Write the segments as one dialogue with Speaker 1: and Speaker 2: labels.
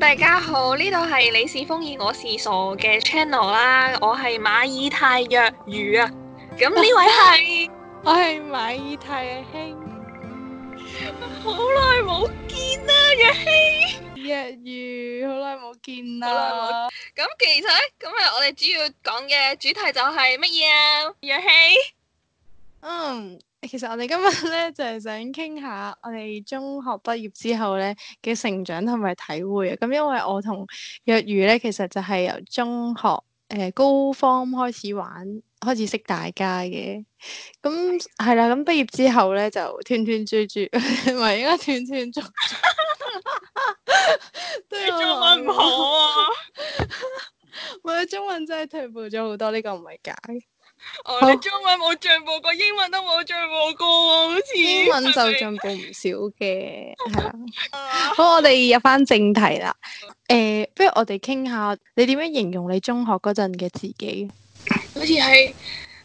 Speaker 1: 大家好，呢度係你是瘋癲我是傻嘅 channel 啦，我係馬爾泰若魚啊，咁呢位係
Speaker 2: 我係馬爾泰兄。 好耐冇見啦，若曦，若
Speaker 1: 魚好耐冇見啦，咁其實咁係我哋主要講嘅主題就係乜嘢啊，若曦？
Speaker 2: 嗯，其實我哋今日咧就係、是、想傾下我哋中學畢業之後咧嘅成長同埋體會啊。咁、嗯、因為我同若如咧，其實就係由中學誒、呃、高方開始玩，開始識大家嘅。咁係啦，咁、嗯、畢業之後咧就斷斷續續，唔 係應該斷斷續續。 對、啊、中文唔好啊！ 我哋中文真係退步咗好多，呢、這個唔係假嘅。我、oh,
Speaker 1: 中文冇進步過，oh. 英文都冇進步過喎，好似。
Speaker 2: 英文就進步唔少嘅，係啊 不。 好，我哋入翻正題啦。誒、oh. 呃，不如我哋傾下，你點樣形容你中學嗰陣嘅自己？
Speaker 1: 好似係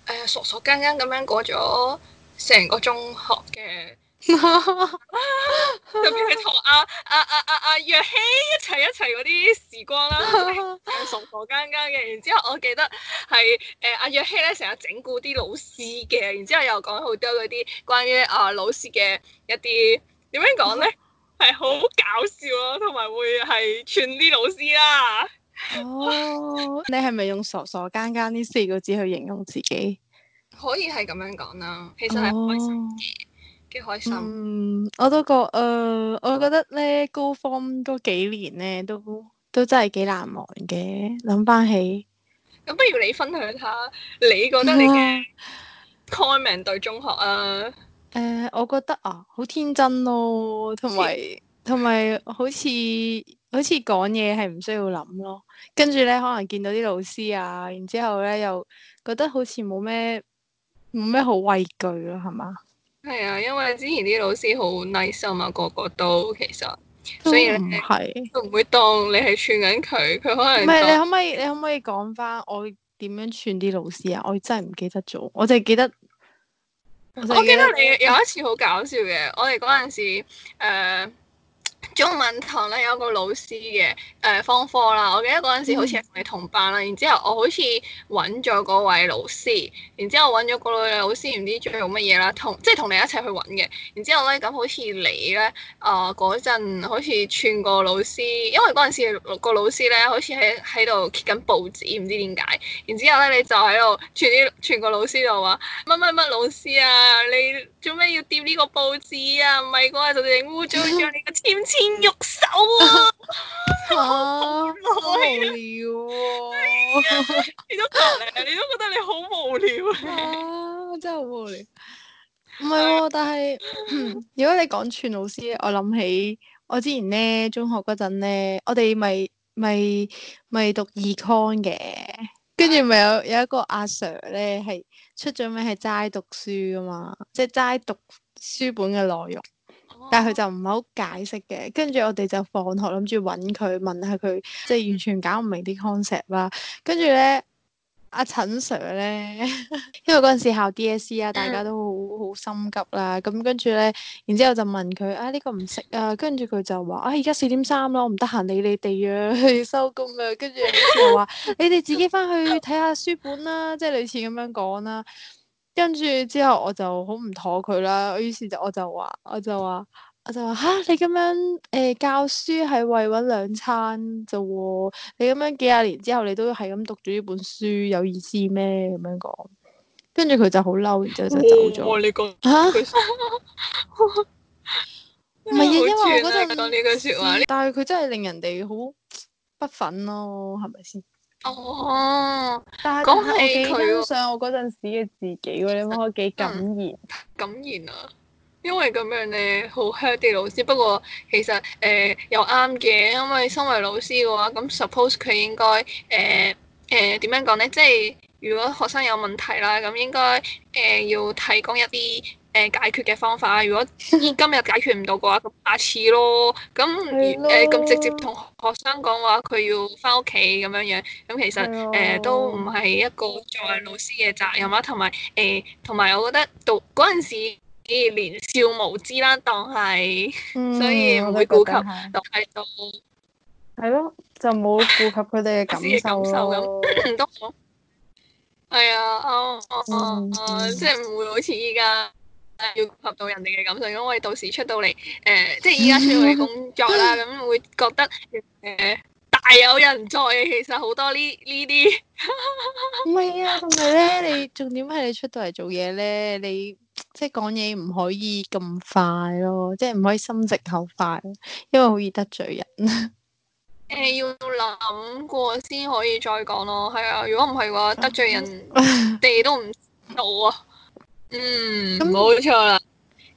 Speaker 1: 誒傻傻更更咁樣過咗成個中學嘅。 特別係同阿阿阿阿阿若希一齊一齊嗰啲時光啦、啊，傻傻更更嘅。然之後我記得係誒阿若希咧成日整蠱啲老師嘅，然之後又講好多嗰啲關於阿、呃、老師嘅一啲點樣講咧，係好、哦、 搞笑咯、啊，同埋會係串啲老師啦、
Speaker 2: 啊。 哦，你係咪用「傻傻更更」呢四個字去形容自己？
Speaker 1: 可以係咁樣講啦，其實係開心嘅。開心
Speaker 2: 嗯，我都覺誒、呃，我覺得咧，高方嗰幾年咧，都都真係幾難忘嘅。諗翻起，
Speaker 1: 咁不如你分享下，你覺得你嘅 comment 對中學啊？
Speaker 2: 誒、啊呃，我覺得啊，好天真、哦、 好好咯，同埋同埋好似好似講嘢係唔需要諗咯，跟住咧可能見到啲老師啊，然之後咧又覺得好似冇咩冇咩好畏懼咯，係嘛？
Speaker 1: 係啊，因為之前啲老師好 nice 啊嘛，個個都其實，
Speaker 2: 所以咧都
Speaker 1: 唔會當你係串緊佢，佢可能唔係。你可
Speaker 2: 唔可以？你可唔可以講翻我點樣串啲老師啊？我真係唔記得咗，我淨係記得我記得，我記得你有一次
Speaker 1: 好搞笑嘅， 我哋嗰陣時誒中文堂咧有個老師嘅誒、呃、方科啦，我記得嗰陣時好似係同你同班啦，嗯、然之後我好似揾咗嗰位老師，然之後揾咗嗰位老師唔知做乜嘢啦，同即係同你一齊去揾嘅，然之後咧咁好似你咧啊，嗰陣好似串個老師，因為嗰陣時個老師咧好似喺喺度揭緊報紙，唔知點解，然之後咧你就喺度串啲串個老師就話：乜乜乜老師啊，你做咩要掂呢個報紙啊？唔係嗰陣就整污糟咗你個簽簽。
Speaker 2: 肉手啊！好無聊喎，你都你都覺得你好無聊啊， 啊！真係好無聊，唔係喎。 但係，如果你講串老師，我諗起我之前咧中學嗰陣咧，我哋咪咪咪讀 Econ 嘅，跟住咪有有一個阿 Sir 咧係出咗名係齋讀書㗎嘛，即係齋讀書本嘅內容。但佢就唔係好解釋嘅，跟住我哋就放學諗住搵佢問下佢，即係完全搞唔明啲 concept 啦。跟住咧，阿陳 Sir 咧，因為嗰陣時考 DSE 啊，大家都好好心急啦。咁跟住咧，然之後就問佢啊呢個唔識啊，跟住佢就話啊而家四點三囉，我唔得閒理你哋啊，要收工啊，跟住就話你哋自己翻去睇下書本啦，啊，即係類似咁樣講啦，啊。跟住之後我就好唔妥佢啦，於是就我就話，我就話，我就話，吓你咁樣誒、欸、教書係為搵兩餐啫喎，你咁樣幾廿年之後你都係咁讀住呢本書有意思咩？咁樣講，跟住佢就好嬲，然之後就走咗。你講，唔係、哦、啊，因為我嗰陣講呢句說話，但係佢真係令人哋好不忿咯、啊，係咪先？哦，但係是我幾欣賞我嗰陣時嘅自己喎，實你諗下幾敢言？
Speaker 1: 敢言、嗯、啊！因為咁樣咧，好 hurt 啲老師。不過其實誒、呃、又啱嘅，因為身為老師嘅話，咁 suppose 佢應該誒誒點樣講咧？即係如果學生有問題啦，咁應該誒、呃、要提供一啲。誒解決嘅方法，如果今日解決唔到嘅話，咁下次咯。咁誒咁直接同學生講話佢要返屋企咁樣樣，咁其實誒都唔係一個作為老師嘅責任啦。同埋誒同埋，我覺得到嗰陣時年少連無知啦，當係，
Speaker 2: 所以唔會顧及，但係都係咯，就冇顧及佢哋嘅感受咁
Speaker 1: 都好。係啊，啱啊啊啊！即係唔會好似依家。要合到人哋嘅感受，因為我哋到時出到嚟，誒、呃，即係依家出到嚟工作啦，咁 會覺得誒、呃、大有人在。其實好多呢呢啲
Speaker 2: 唔係啊，同埋咧，你重點係你出到嚟做嘢咧，你即係講嘢唔可以咁快咯，即係唔可以心直口快，因為好易得罪人。
Speaker 1: 誒、 呃，要諗過先可以再講咯。係啊，如果唔係嘅話，得罪人哋 都唔到啊。
Speaker 2: 嗯，冇錯啦。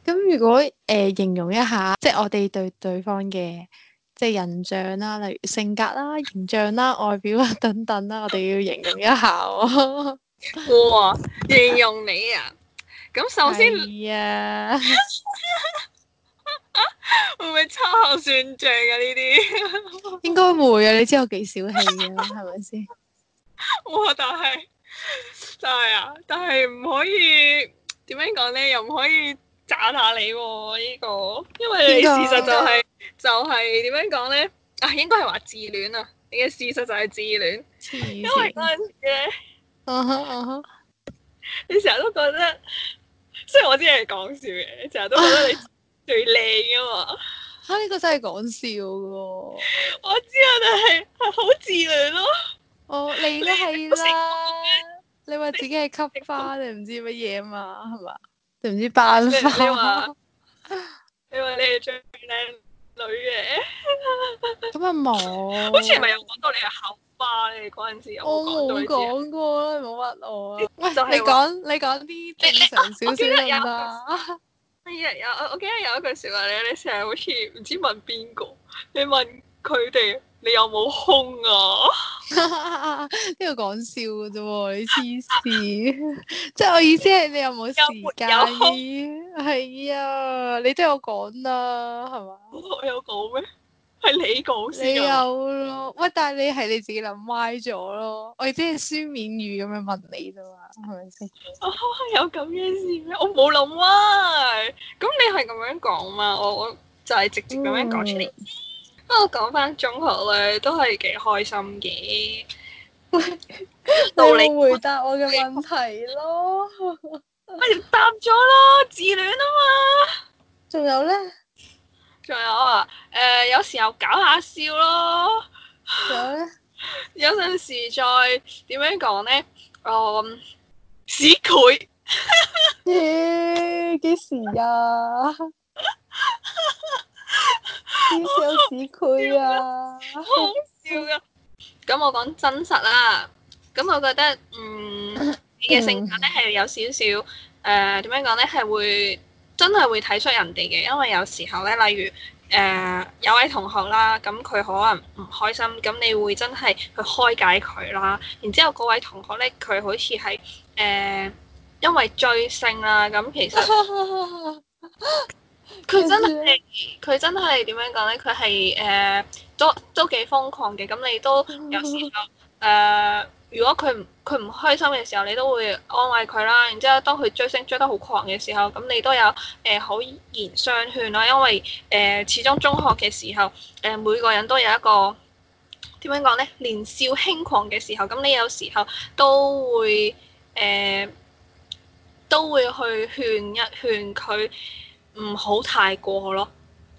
Speaker 2: 咁如果誒形容一下，即係我哋對對方嘅即係印象啦，例如性格啦、形象啦、外表啦等等啦，我哋要形容一下。哇，
Speaker 1: 形容你啊！
Speaker 2: 咁首先啊，會
Speaker 1: 唔會秋後算賬啊？呢啲
Speaker 2: 應該會啊！你知我幾小氣嘅，係咪先？
Speaker 1: 哇！但係，但係啊，但係唔可以。點樣講咧，又唔可以讚下你喎，啊？呢、這個，因為你事實就係，是啊、就係點樣講咧，啊，應該係話自戀啊！你嘅事實就係自戀，
Speaker 2: 因為嗰
Speaker 1: 陣時，啊啊、你成日都覺得，雖然我知係講笑嘅，成日都覺得你最靚啊嘛！
Speaker 2: 吓呢，啊這個真係講笑噶，我知啊，但係係好自戀咯，我，哦、你都係啦。你話自己係吸花，你唔知乜嘢嘛？係嘛？你唔知班花， 花？你話你話你係最靚女嘅，咁又
Speaker 1: 冇。好
Speaker 2: 似唔係有講到你係校花，你嗰陣時
Speaker 1: 又我冇講過啦，你唔好屈我啊。
Speaker 2: 就我喂，你講你講啲正常少少啦。係啊，我有啊我
Speaker 1: 記有 有我記得有一句說話咧，你成日好似唔知問邊個，你問佢哋。你有冇空啊？
Speaker 2: 呢個講笑嘅啫喎，你黐線！ 即係我意思係你有冇時間？有冇空？係啊，你都有講啦，啊，係嘛？我有講咩？係你講先！你有咯，喂！但係你係你自己諗歪咗咯，我只係書面語咁樣問你啫嘛，係咪先？我有咁嘅事咩？我冇諗歪，
Speaker 1: 咁你係咁樣講嘛？我我就係直接咁樣講出嚟。嗯不過講翻中學咧，都係幾開心嘅。
Speaker 2: 到 你回答我嘅問題咯？咪
Speaker 1: 答咗咯，自戀啊嘛！
Speaker 2: 仲有咧？
Speaker 1: 仲有啊！誒、呃，有時候搞下笑咯。仲有咧？ 有陣時再點樣講咧？哦、
Speaker 2: 呃，屎佢！幾 幾、yeah, 時呀、啊？ 啲， 笑死佢啊！ 哦、 好
Speaker 1: 笑噶。咁我講真實啦。咁我覺得，嗯，你嘅性格咧係有少少，誒、呃，點樣講咧係會，真係會睇出人哋嘅。因為有時候咧，例如，誒、呃，有位同學啦，咁佢可能唔開心，咁你會真係去開解佢啦。然之後嗰位同學咧，佢好似係，誒、呃，因為追星啦，咁其實。 佢真係佢真係點樣講呢？佢係誒都都幾瘋狂嘅。咁你都有時候誒、呃，如果佢唔佢唔開心嘅時候，你都會安慰佢啦。然之後，當佢追星追得好狂嘅時候，咁你都有誒好言相勸啦。因為誒、呃、始終中學嘅時候，誒、呃、每個人都有一個點樣講呢？年少輕狂嘅時候，咁你有時候都會誒、呃、都會去勸一勸佢。唔好太過咯，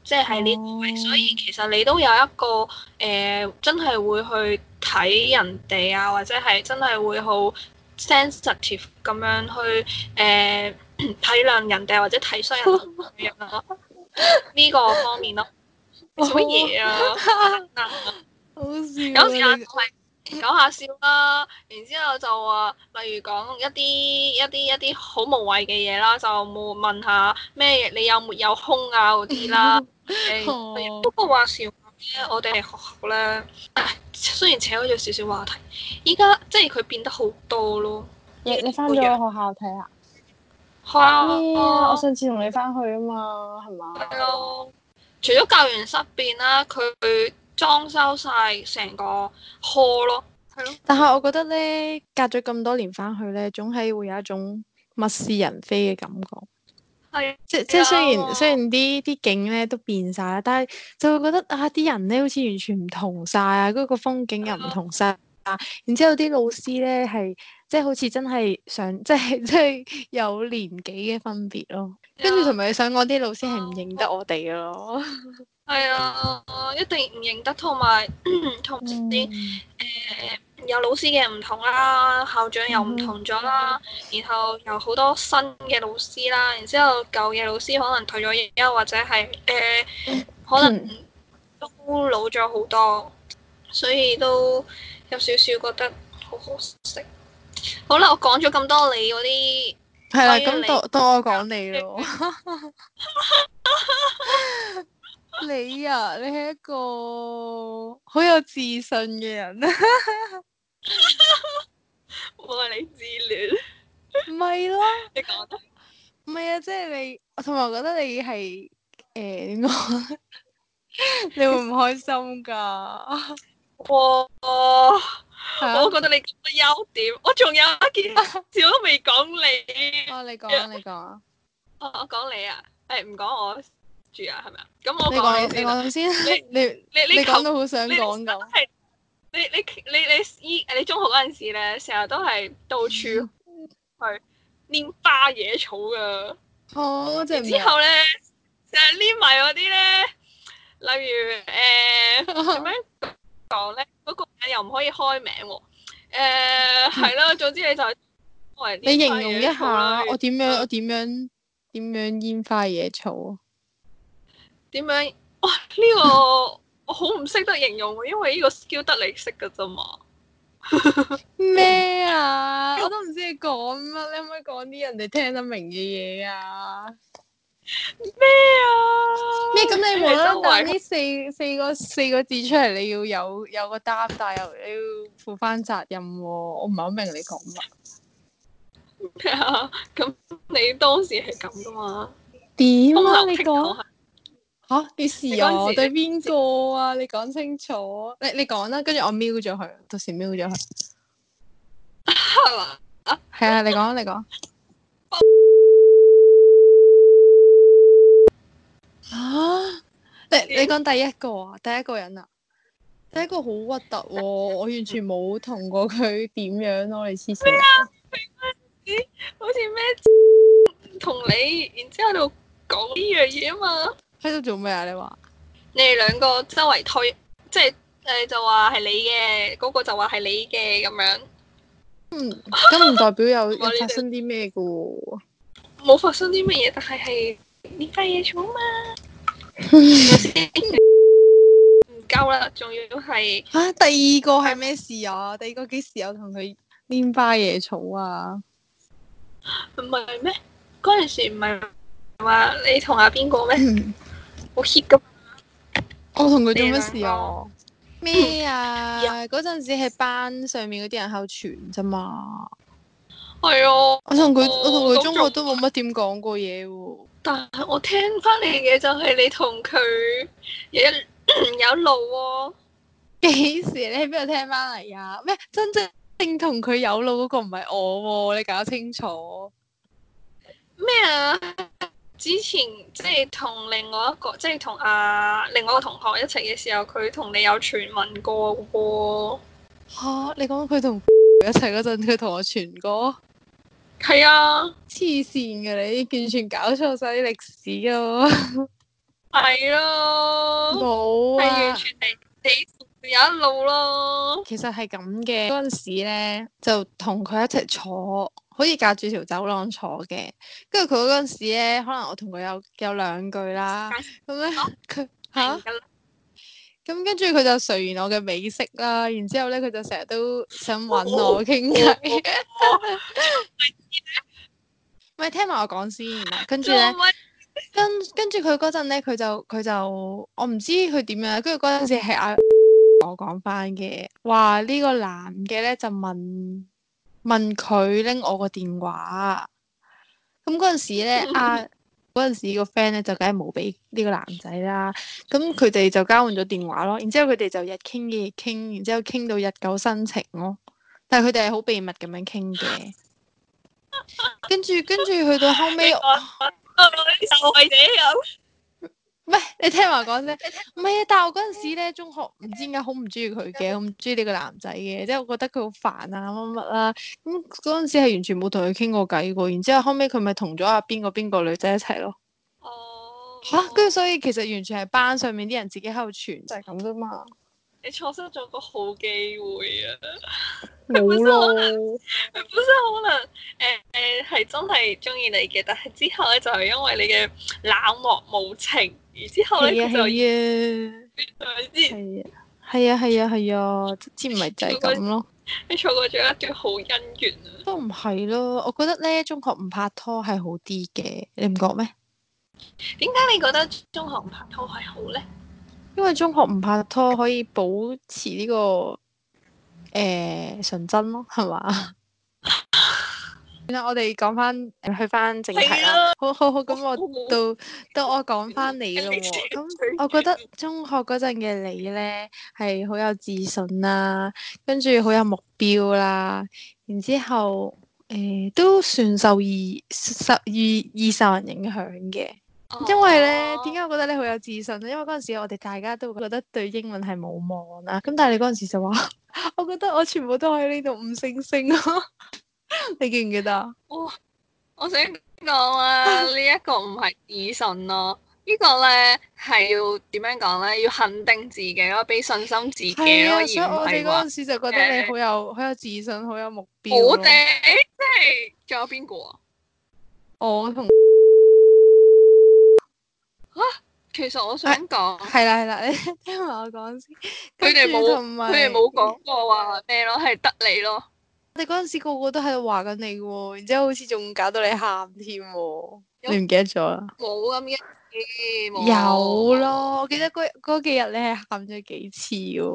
Speaker 1: 即係呢個位，所以其實你都有一個誒、呃，真係會去睇人哋啊，或者係真係會好 sensitive 咁樣去誒、呃、體諒人哋、啊，或者睇衰人呢、啊、 個方面咯。做乜嘢啊？啊 好
Speaker 2: 笑啊，有時係。
Speaker 1: 搞下笑啦、啊，然之後就話，例如講一啲一啲一啲好無謂嘅嘢啦，就冇問下咩，你有沒有空啊嗰啲啦。不過話時話，我哋學校咧，雖然扯開咗少少話題，依家即係佢變得好多咯。
Speaker 2: 你你翻咗學校睇下啊？係啊、 哎，我上次同你翻去啊嘛，
Speaker 1: 係嘛 吧？係咯。除咗教員室變啦，佢。
Speaker 2: 裝修晒成個殼咯，係咯。但係我覺得咧，隔咗咁多年翻去咧，總係會有一種物是人非嘅感覺。係的，即即雖然雖然啲啲景咧都變晒啦，但係就會覺得啊，啲人咧好似完全唔同晒啊，嗰個風景又唔同晒。啊的。然之後啲老師咧係即好似真係想，即係即係有年紀嘅分別咯。的跟住同埋想講啲老師係唔認得我哋嘅咯。
Speaker 1: 係啊，一定唔認得， 同埋同啲誒有老師嘅唔同啦，校長又唔同咗啦、嗯，然後有好多新嘅老師啦，然之後舊嘅老師可能退咗休或者係誒，呃嗯、可能都老咗好多，嗯、所以都有少少覺得好可惜。好啦，我講咗咁多你嗰啲，係啦，咁多
Speaker 2: 多我講你咯。 你啊，你係一個好有自信嘅人 我啊！我話你自戀，唔係咯？你講得，唔係啊，即係你，同埋我覺得你係誒點講？你， 你會唔開心噶？ 哇！我
Speaker 1: 都覺得你
Speaker 2: 咁嘅優點，我仲有一
Speaker 1: 件事我你，我都未講你。啊，你講，你講、 啊。我我講你啊，誒，唔講我。住啊，係咪啊？咁我講你先，
Speaker 2: 你你說你講到好想講㗎。係
Speaker 1: 你你你你依你，你中學嗰陣時咧，成日都係到處去拈花惹草噶。
Speaker 2: 哦，即係。之後咧，
Speaker 1: 成日拈埋嗰啲咧，例如誒點樣講咧？嗰、呃、 個又唔可以開名喎、啊。誒係咯，總之你就。 你形容一下我
Speaker 2: 點樣？我點樣點樣拈花惹草啊？
Speaker 1: 點樣？哇、哦！呢、這個我好唔識得形容喎， 因為呢個 skill 得你識噶啫嘛。
Speaker 2: 咩啊？我都唔知你講乜，你可唔可以講啲人哋聽得明嘅嘢啊？咩啊？咩？咁你無啦啦呢四四個四個字出嚟，你要有有個擔戴，又你要負返責任，啊。我唔係好明你講乜。咁、
Speaker 1: 啊、你當時係咁噶嘛？
Speaker 2: 點啊？你講。吓，你試、啊、我對邊個啊？你講清楚，你你講啦，跟住我瞄咗佢，到時瞄咗佢，係嘛？係啊，你講你講。啊，你你講第一個啊，第一個人啊，第一個好核突， 我完全冇同過佢點樣咯、啊，你黐線。邊
Speaker 1: 啊？咦，好似咩？
Speaker 2: 同你然之後喺度
Speaker 1: 講呢樣嘢啊嘛？
Speaker 2: 喺度做咩啊？你話
Speaker 1: 你哋兩個周圍推，即係誒、呃、就話係你嘅，嗰、嗰個就話係你嘅咁樣。
Speaker 2: 咁咁唔代表有有發生啲咩噶？
Speaker 1: 冇發生啲乜嘢，但係係拈
Speaker 2: 花野草嘛。唔夠啦！仲要係啊，第二個係咩事啊？第二個幾時有同佢拈花野草啊？
Speaker 1: 唔係咩？嗰陣時唔係話你同阿邊個咩？ 我同佢做乜事啊？
Speaker 2: 咩啊？嗰陣 時喺班上面嗰啲人口傳啫嘛。
Speaker 1: 係啊，
Speaker 2: 啊我同佢，哦、我同佢中學、嗯、都冇乜點講過嘢喎、啊。但
Speaker 1: 係我聽翻嚟嘅就係你同佢有 有路喎、
Speaker 2: 啊。幾時、啊？你喺邊度聽翻嚟啊？咩？真正同佢有路嗰個唔係我喎、啊，你搞清楚咩
Speaker 1: 啊？之前即係同另外一個，即係同啊另外一個同學一齊嘅時候，佢同你有傳聞
Speaker 2: 過喎。嚇、啊！你講佢同佢一齊嗰陣，佢同我傳過。係啊！黐線㗎你，完全搞錯晒啲歷史㗎。係咯，冇啊！啊完全係你有一路咯。其實係咁嘅，嗰陣時咧就同佢一齊坐。可以隔住條走廊坐嘅，跟住佢嗰陣時咧，可能我同佢有有兩句啦，咁咧佢嚇，咁跟住佢就垂完我嘅美色啦，然之後咧佢就成日都想揾我傾偈。喂，聽埋我講先，跟住咧，跟跟住佢嗰陣咧，佢就佢就我唔知佢點樣，跟住嗰陣時係我講翻嘅，話呢、呢個男嘅咧就問。問佢拎我個電話，咁嗰陣時咧，阿嗰陣時個 friend 咧就梗係冇俾呢個男仔啦。咁佢哋就交換咗電話咯，然之後佢哋就日傾夜傾，然之後傾到日久生情咯。但係佢哋係好秘密咁樣傾嘅。 跟住跟住去到後尾，我
Speaker 1: 受害者有。
Speaker 2: 唔係你聽話講先，唔係啊！但我嗰陣時咧，中學唔知點解好唔中意佢嘅，唔中意呢個男仔嘅，即係我覺得佢好煩啊，乜乜啊。咁嗰陣時係完全冇同佢傾過偈嘅。然之後後尾、啊，佢咪同咗阿邊個邊個女仔一齊咯。哦。嚇、啊！跟住所以其實完全係班上面啲人自己喺度傳，就係咁啫嘛。你錯
Speaker 1: 失咗個好機會
Speaker 2: 啊！佢本身可能，
Speaker 1: 佢本身可能，誒誒係真係中意你嘅，但係之後咧就係因為你嘅冷漠無情，
Speaker 2: 而之後咧就係係啊係啊係啊，之唔係就係咁咯。
Speaker 1: 你錯過咗一段好姻緣啊！
Speaker 2: 都唔係咯，我覺得咧中學唔拍拖係好啲嘅，你唔覺咩？
Speaker 1: 點解你覺得中學唔拍拖係好咧？
Speaker 2: 因為中學唔拍拖可以保持呢、這個誒、呃、純真咯，係嘛？ 然後我哋講翻去翻正題啦， 好好好，咁我到 到，到我講翻你咯，咁 我覺得中學嗰陣嘅你咧係好有自信啦、啊，跟住好有目標啦、啊，然之後誒、呃、都算受易受易易受人影響嘅。因為咧，點解、哦、我覺得你好有自信咧？因為嗰陣時我哋大家都覺得對英文係冇望啦。咁但係你嗰陣時就話，我覺得我全部都喺呢度五星星咯。 你記唔記得啊？哇，
Speaker 1: 我想講啊， 啊這個、呢一個唔係自信咯，呢個咧係要點樣講咧？要肯定自己咯，俾信心自己咯，啊、而唔係話、所以，我哋嗰陣
Speaker 2: 時就覺得你好有、呃、好有自信，好有目標。我哋即
Speaker 1: 係仲有邊個、啊？
Speaker 2: 我同。
Speaker 1: 啊，其實我想講，
Speaker 2: 係啦係啦，你
Speaker 1: 聽埋我講先。佢哋冇咁，佢哋冇講
Speaker 2: 過話咩咯，係得你咯。我哋嗰陣時個個都喺度話緊你喎，然之後好似仲搞到你喊添，你唔記得咗啦？冇咁嘅，有咯，我記得嗰嗰幾日你係喊咗幾次嘅。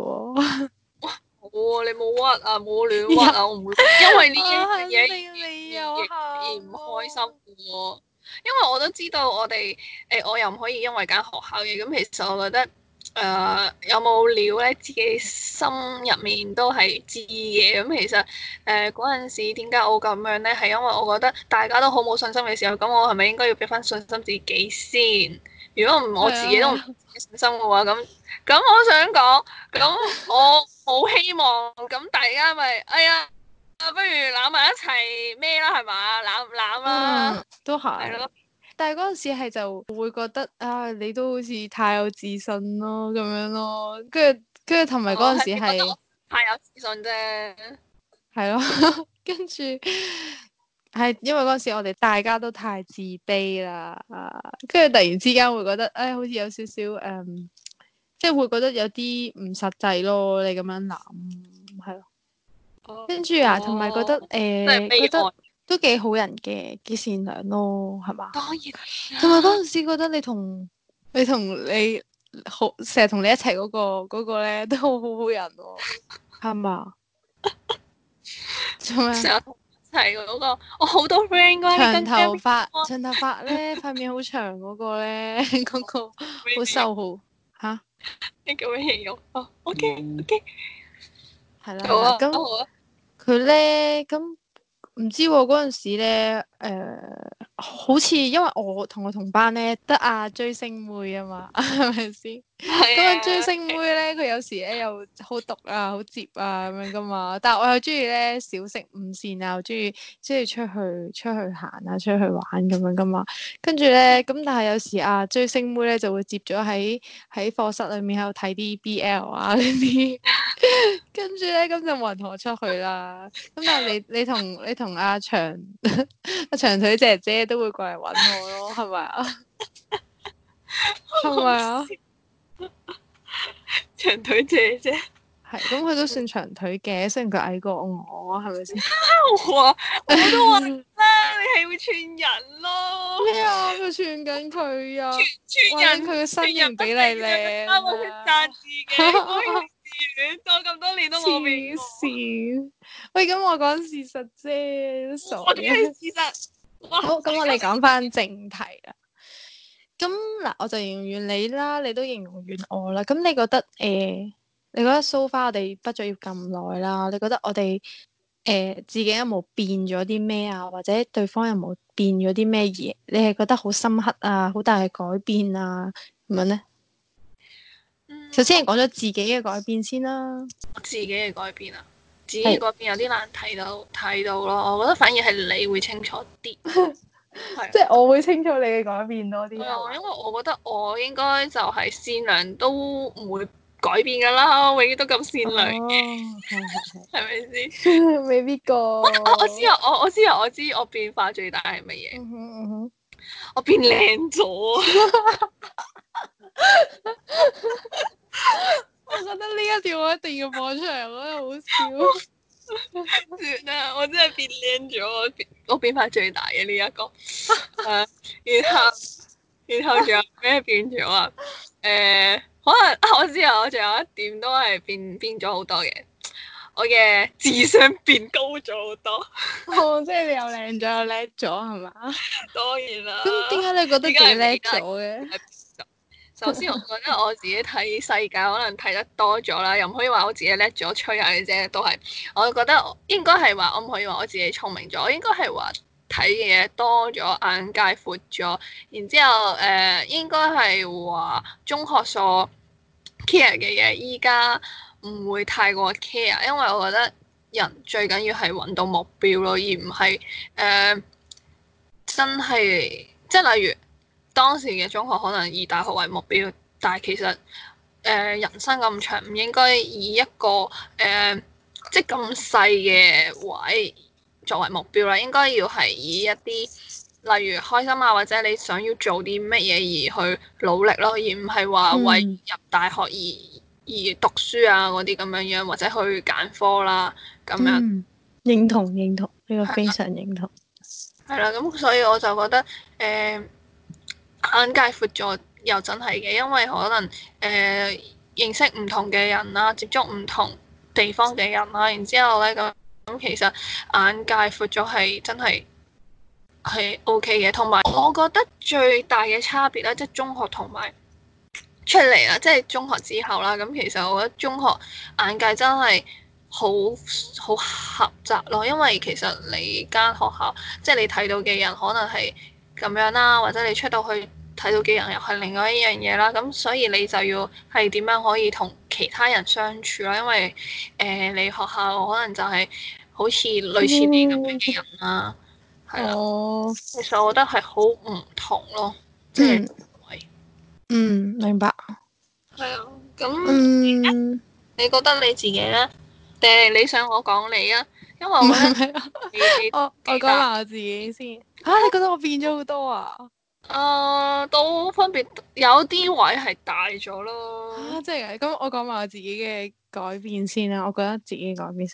Speaker 1: 哇，冇啊，你冇屈啊，冇亂屈啊，我唔會因為呢啲嘢而唔開心嘅。因為我都知道我哋誒、欸，我又唔可以因為揀學校嘅，咁其實我覺得誒、呃、有冇料咧，自己心入面都係知嘅。咁其實誒嗰陣時點解我咁樣咧，係因為我覺得大家都好冇信心嘅時候，咁我係咪應該要俾翻信心自己先？如果唔我自己都唔自己信嘅話，咁咁 我想講，咁我冇希望，咁大家咪、就是、哎呀～啊，不如攬埋
Speaker 2: 一齊咩啦，係嘛，攬唔攬啦？都係、啊。咯、嗯。了但係嗰陣時係就會覺得啊，你都好似太有自信咯，咁樣咯。跟住跟住同埋嗰陣時係、哦、太有自信啫。係咯對了。 跟住係因爲嗰陣時我哋大家都太自卑啦，跟、啊、住突然之間會覺得誒、哎，好似有少少誒，即、嗯、係、就是、會覺得有啲唔實際咯。你咁樣諗。跟住啊，同埋覺得誒，你覺得都幾好人嘅，幾善良咯，係嘛？當然。
Speaker 1: 同埋
Speaker 2: 嗰陣時覺得你同你同你好成日同你一齊嗰個嗰個咧都好好人喎，係嘛？成日同一齊嗰個，我好多 friend 噶，長頭髮長頭髮咧塊面好長嗰個咧，嗰個好瘦好吓？
Speaker 1: 你
Speaker 2: 叫咩形容啊？OK，OK，係啦，咁。佢咧，咁唔知喎，嗰陣時咧。誒，uh, 好似因為我同我同班咧，得阿、啊、追星妹啊嘛，係咪先？咁阿、 嗯、追星妹咧，佢有時咧又好毒啊，好接啊咁樣噶嘛。但係我又中意咧小息午膳啊，中意中意出去出去行啊，出去玩咁樣噶嘛。跟住咧，咁、嗯、但係有時阿、啊、追星妹咧就會接咗喺喺課室裏面喺度睇啲 BL 啊 呢啲，嗯、跟住咧咁就冇人同我出去啦。咁 但係你你同你同阿祥。 長腿姐姐都會過嚟揾我咯，係咪啊？係咪啊？長腿姐姐係咁，佢、嗯、都算長腿嘅，雖然佢矮過我，係咪先？我我都話
Speaker 1: 啦， 你係會串人咯。咩 啊？
Speaker 2: 佢串緊佢啊串！串人，佢嘅身形比例靚。啊！我係讚自己。我咁多，多年都冇面試。喂，咁我講事實啫，傻。我啲係事實。 好，咁我哋講翻正題啦。咁嗱，我就形容完你啦，你都形容完我啦。咁你覺得誒、呃，你覺得 so far 我哋畢咗業咁耐啦？你覺得我哋誒、呃、自己有冇變咗啲咩啊？或者對方有冇變咗啲咩嘢？你係覺得好深刻啊，好大嘅改變啊，咁樣咧？首先講咗自己嘅改變先啦，
Speaker 1: 自己嘅改變啊，自己嘅改變有啲難睇到睇是到咯，我覺得反而係你會清楚啲，
Speaker 2: 係、 啊、即係我會清楚你嘅改變多啲，哎。因為我
Speaker 1: 覺得我應該就係善良都唔會改變㗎啦，永遠都咁善良，
Speaker 2: 係咪先？未必個。我我知啊，
Speaker 1: 我我知啊，我知，我，知，我，知，我，知，我，知我變化最大係乜嘢？
Speaker 2: 嗯嗯、我變靚咗。 我覺得呢一段我一定要播出嚟， 我覺得好笑。
Speaker 1: 算啦，我真係變靚咗，我變我變化最大嘅呢一個、uh, 然。然後然後仲有咩變咗啊？誒、uh,，可能我之後啊，我仲有一點都係變變咗
Speaker 2: 好多嘅。我嘅智商變
Speaker 1: 高咗好
Speaker 2: 多。 哦，即係你又靚咗又叻咗係嘛？
Speaker 1: 當然啦了。咁點解你覺得幾叻咗嘅？首先，我覺得我自己睇世界可能睇得多咗啦，又唔可以話我自己叻咗，吹下嘅啫，都係我覺得應該係話，我唔可以話我自己聰明咗，應該係話睇嘅嘢多咗，眼界闊咗。然之後誒、呃，應該係話中學所 care 嘅嘢，依家唔會太過 care，因為我覺得人最緊要係揾到目標咯，而唔係誒真係即係例如。當時嘅中學可能以大學為目標，但係其實誒、呃、人生咁長，唔應該以一個誒、呃、即係咁細嘅位作為目標啦。應該要係以一啲例如開心啊，或者你想要做啲乜嘢而去努力咯，而唔係話為入大學而、嗯、而讀書啊嗰啲咁樣樣，或者去揀科啦咁
Speaker 2: 樣、嗯。認同認同呢、呢個，非常認同。
Speaker 1: 係啦，咁所以我就覺得誒。呃眼界闊咗又真係嘅，因為可能誒、呃、認識唔同嘅人啦，接觸唔同地方嘅人啦，然之後呢，咁咁其實眼界闊咗係真係係 OK 嘅。同埋我覺得最大嘅差別呢，即係中學同埋出嚟啦，即係中學之後啦。咁其實我覺得中學眼界真係好好狹窄咯，因為其實你間學校即係你睇到嘅人可能係。咁樣啦，或者你出到去睇到嘅人又係另外一樣嘢啦，咁所以你就要係點樣可以同其他人相處啦，因為誒、呃、你學校可能就係好似類似啲咁樣嘅人啦，係啦，其實我覺得係好唔同咯，
Speaker 2: 即係，嗯，明白，
Speaker 1: 係啊，咁你，你覺得你自己咧定係你想我講你啊？因為我， 我，我我講
Speaker 2: 埋我自己先。吓、啊，你覺得我變咗好多啊？誒、啊，都分別有啲位係大咗咯、啊。即係咁我講埋我自己嘅改變先啦。我覺得自己改變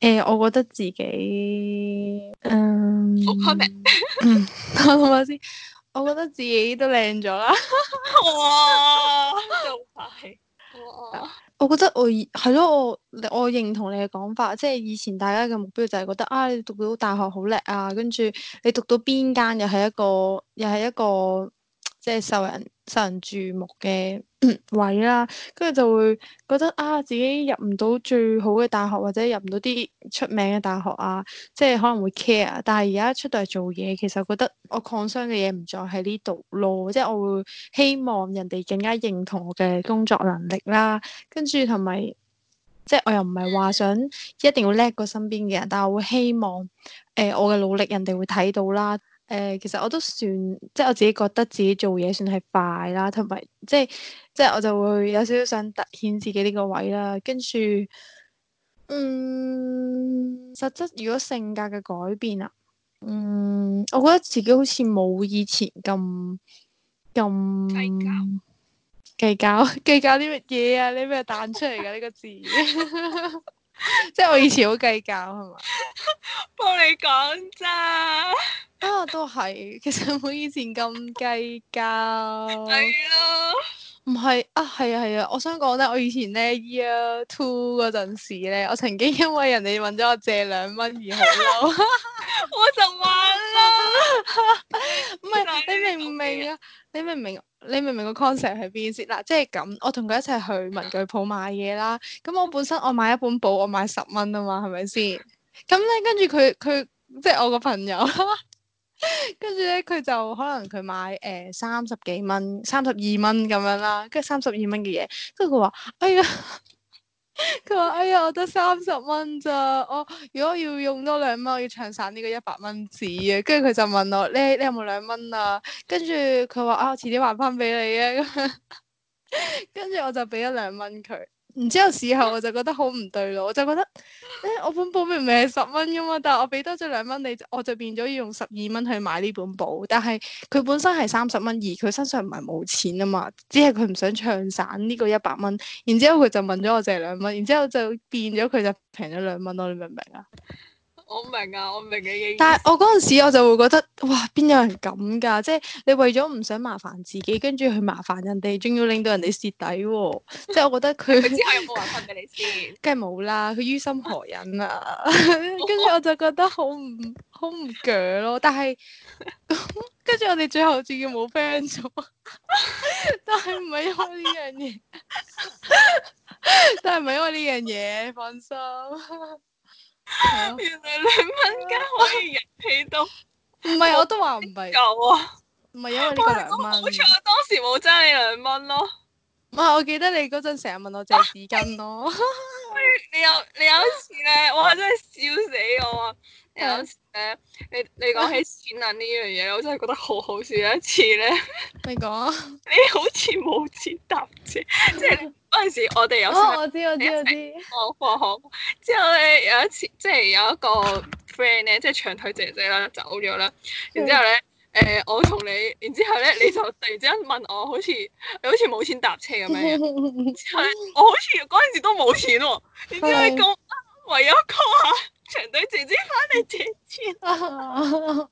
Speaker 2: 先。誒、呃，我覺得自己，嗯 comment，我諗下先。 我覺得自己都靚咗啦。哇，好快。我覺得我以係咯，我我認同你嘅講法，即係以前大家嘅目標就係覺得啊，你讀到大學好叻啊，跟住你讀到邊間又係一個又係一個。即係受人受人注目嘅位啦，跟住就會覺得啊，自己入唔到最好嘅大學或者入唔到啲出名嘅大學啊，即係可能會 care。但係而家出到嚟做嘢，其實我覺得我關注嘅嘢唔再喺呢度咯，即係我會希望人哋更加認同我嘅工作能力啦，跟住同埋即係我又唔係話想一定要叻過身邊嘅人，但係我會希望誒、呃、我嘅努力人哋會睇到啦。誒、呃，其實我都算，即係我自己覺得自己做嘢算係快啦，同埋即係即係我就會有少少想凸顯自己呢個位啦。跟住，嗯，實質如果性格嘅改變啊，嗯，我覺得自己好似冇以前咁咁計較，計較計較啲乜嘢啊？你咩彈出嚟㗎呢個字？ 即係我以前好計較係嘛，幫你講咋啊都係，其實我以前咁計較。係咯 喲，唔係啊係啊係啊，啊，我想講咧，我以前咧 year two 嗰陣時咧，我曾經因為人哋問咗我借兩蚊而好嬲， 我就玩啦。唔係， 是你，你明唔明啊？你明唔明？你明唔明個 concept 係邊先？嗱，即係咁，我同佢一齊去文具鋪買嘢啦。咁我本身我買一本簿，我買十蚊啊嘛，係咪先？咁、嗯、咧、 嗯、跟住佢，佢即係我個朋友， 跟住咧佢就可能佢買誒三十幾蚊，三十二蚊咁樣啦，跟住三十二蚊嘅嘢，跟住佢話：哎呀！佢話：哎呀，我得三十蚊咋，我如果我要用多兩蚊，我要唱散呢個一百蚊紙啊！跟住佢就問我：你你有冇兩蚊啊？跟住佢話：啊，遲啲還翻俾你啊！跟 住我就俾咗兩蚊佢。然之後事後我就覺得好唔對路，我就覺得，誒、欸、我本簿明明係十蚊噶嘛，但係我俾多咗兩蚊你，我就變咗要用十二蚊去買呢本簿，但係佢本身係三十蚊，而佢身上唔係冇錢啊嘛，只係佢唔想唱散呢個一百蚊，然之後佢就問咗我借兩蚊，然之後就變咗佢就平咗兩蚊咯，你明唔明啊？我明啊，我明你嘅意思。但係我嗰陣時，我就會覺得，哇，邊有人咁㗎？即係你為咗唔想麻煩自己，跟住去麻煩人哋，仲要令到人哋蝕底喎！即係我覺得佢。佢 之後有冇還翻俾你先？梗係冇啦，佢於心何忍啊！跟 住我就覺得好唔好唔鋸咯。但係跟住我哋最後仲要冇 friend 咗， 但係唔係因為呢樣嘢， 但係唔係因為呢樣嘢，放心。 原來兩蚊雞可以引起到，唔係 是我都話唔係，有啊，唔係因為呢個兩蚊，冇錯，好，我當時冇
Speaker 1: 爭你兩蚊咯，
Speaker 2: 唔係我記得你嗰陣成日問我借紙巾咯，
Speaker 1: 你有你有一次咧，哇真係笑死我啊！有時你你講起錢銀呢樣嘢，我真係覺得好好笑。有一次咧，你講，你好似冇錢搭車，即係嗰陣時我哋有時，我
Speaker 2: 知我知
Speaker 1: 我知。我放學之後咧，有一次即係有一個 friend 咧，即係長腿姐姐啦，走咗啦。然之後咧，誒我同你，然之後咧，你就突然之間問我，好似你好似冇錢搭車咁樣嘅，唔係，我好似嗰陣時都冇錢喎。
Speaker 2: 然之後咁，
Speaker 1: 唯有 call 下。長女
Speaker 2: 姐姐翻嚟借錢啊！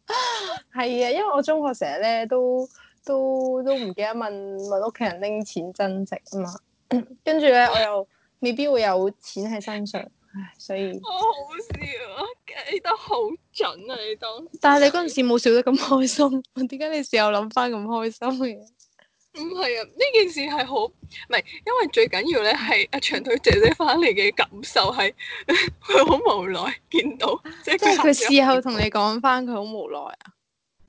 Speaker 2: 係啊， 因為我中學成日咧都都都唔記得問問屋企人拎錢增值啊嘛， 跟住咧呢我，有我又未必會有錢喺身上，唉，所以
Speaker 1: 我好笑啊，記得好準啊，你都， 但係你嗰陣
Speaker 2: 時冇笑得咁開心，點 解你時候諗翻咁開心嘅？
Speaker 1: 唔係啊，呢件事係好，唔係，因為最緊要咧係阿長腿姐姐翻嚟嘅感受係，佢 好無奈，見到即係佢事後
Speaker 2: 同你講翻佢好無奈啊。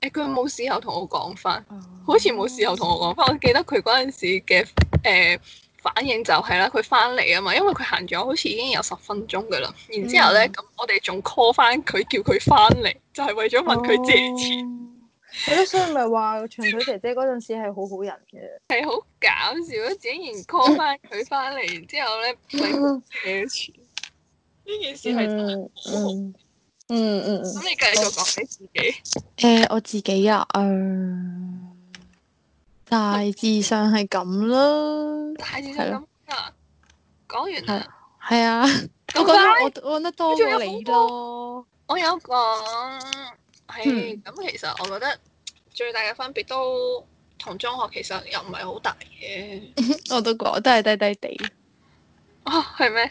Speaker 2: 誒、欸，佢冇事後同我講翻，哦、好似冇事後同我講翻。我記得
Speaker 1: 佢嗰陣時嘅誒、呃、反應就係啦，佢翻嚟啊嘛，因為佢行咗好似已經有十分鐘噶啦，然之後咧咁、嗯、我哋仲 call 翻佢叫佢翻嚟，就係、是、為咗問佢借錢。哦。
Speaker 2: 我都所以唔係話長腿姐姐嗰陣時係好好人嘅，
Speaker 1: 係好搞笑咯！竟然 call 翻佢翻嚟，嗯、然之後咧俾錢，呢件 事係
Speaker 2: 真好嗯。嗯嗯。咁、嗯、你繼續講俾自己。誒、嗯嗯呃，我自己啊，誒、呃，大致上係咁啦。大致上咁啊，講完啦。係啊，都 覺得我，我我覺得多咗你咯、嗯。
Speaker 1: 我有講。係咁，嗯嗯、其實我覺得最大嘅分別都同中學其實又唔係好大嘅
Speaker 2: 我都覺得係低低地。
Speaker 1: 啊，係咩？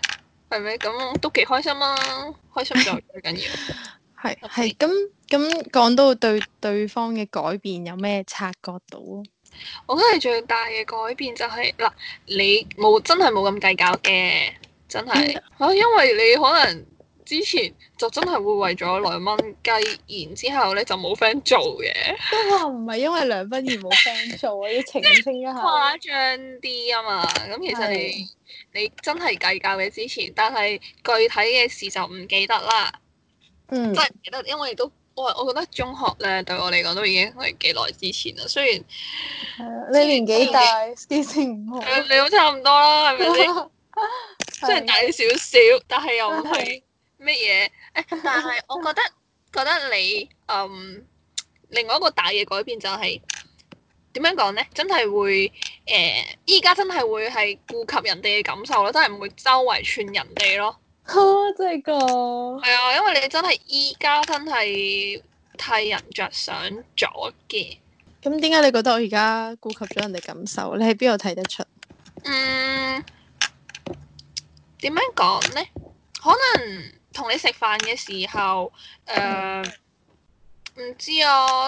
Speaker 1: 係咩？咁都幾開心啊！開心就最緊要。
Speaker 2: 係係咁，咁講到對對方嘅改變有咩察覺到？
Speaker 1: 我覺得係最大嘅改變就係、是、嗱，你冇真係冇咁計較嘅，真係。真嗯、啊，因為你可能。之前就真係會為咗兩蚊雞，然之後
Speaker 2: 咧就冇 friend 做嘅。咁啊，唔係因為梁筆而冇 friend 做啊，要澄清一下，誇
Speaker 1: 張啲啊嘛。咁其實你是你真係計較嘅之前，但係具體嘅事就唔記得啦。嗯。真係唔記得，因為都我我覺得中學咧對我嚟講都已經係幾耐之前啦。雖然
Speaker 2: 你年幾大？幾年五？
Speaker 1: 誒、um.，你都差唔多啦，係咪先？即係大少少，但係又唔乜嘢？誒，哎、 但係我覺得 覺得你嗯，um, 另外一個大嘅改變就係點樣講咧？真係會誒，呃、依家真係會係顧及人哋嘅感受咯，真係唔會周圍串人哋咯。
Speaker 2: 呵，真係噶？
Speaker 1: 係啊，因為你真係依家真係替人着想咗嘅。
Speaker 2: 咁點解你覺得我而家顧及咗人哋感受？你喺邊度睇得出？嗯，
Speaker 1: 點樣講咧？可能。同你食飯嘅時候，誒、呃、唔知啊，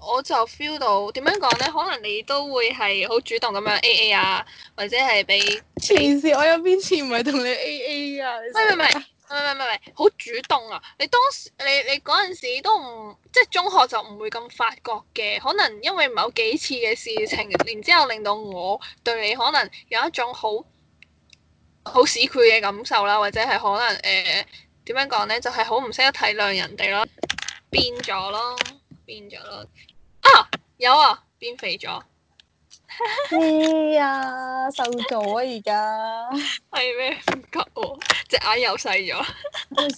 Speaker 1: 我就 feel 到點樣講咧？可能你都會係好主動咁樣 A A 啊，或者係俾
Speaker 2: 前時我有邊次唔係同你 A A
Speaker 1: 啊？唔係唔係唔係唔係唔係好主動啊！你當時你你嗰陣時都唔即係中學就唔會咁發覺嘅，可能因為某幾次嘅事情，然之後令到我對你可能有一種好好市儈嘅感受啦，或者係可能誒，點樣講咧？就係好唔識得體諒人哋咯，變咗咯，變咗咯。啊，有啊，變肥咗。
Speaker 2: 咩、 哎、啊？瘦咗啊？而家
Speaker 1: 係咩？唔得喎！隻眼又細咗。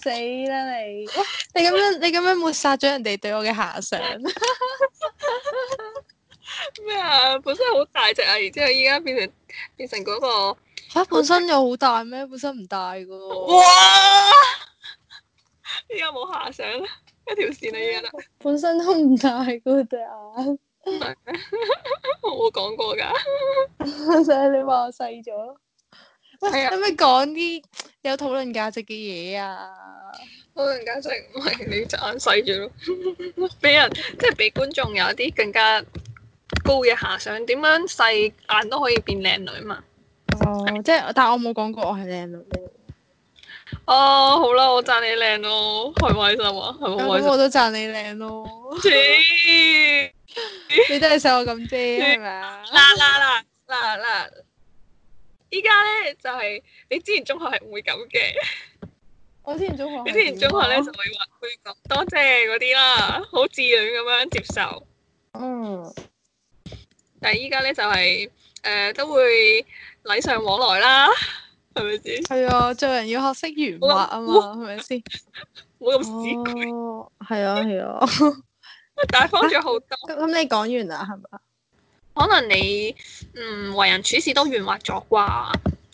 Speaker 2: 死啦你！你咁樣你咁樣抹殺咗人哋對我嘅遐想。
Speaker 1: 咩啊？本身好大隻啊，然之後依家變成變成嗰、嗰個。
Speaker 2: 啊！本身又好大咩？本身唔大噶。哇！依家冇遐想啦，
Speaker 1: 一條線啦已經啦。
Speaker 2: 本身都唔大個對眼。我冇講過噶。所以你話我細咗？係啊。使唔使講啲有討論價值嘅嘢啊？
Speaker 1: 討論價值唔係、啊、你對眼細咗咯，俾 人即係俾觀眾有啲更加高嘅遐想。點樣細眼都可以變靚女啊嘛！
Speaker 2: 哦，即係，但我冇講過我係靚女。
Speaker 1: 哦，好啦，我讚你靚咯，係咪好心啊？好、啊、心？我都
Speaker 2: 讚你靚咯。你真係受我咁啫係咪？嗱
Speaker 1: 嗱嗱嗱嗱，依家咧就係你之前中學係唔會咁嘅。我
Speaker 2: 之前中學。你之前中學咧就係話
Speaker 1: 會咁多謝嗰啲啦，好自戀咁樣接受。嗯。但係依家咧就係、
Speaker 2: 是、誒、呃、都會。禮尚往來啦，係咪先？係啊、 嗯，做人要學識圓滑啊嘛，係咪先？唔好咁死攰，係啊係啊，大、啊、 方咗好多。咁、啊、你講完啦，係嘛？可能你
Speaker 1: 嗯為人處事都圓滑作啩。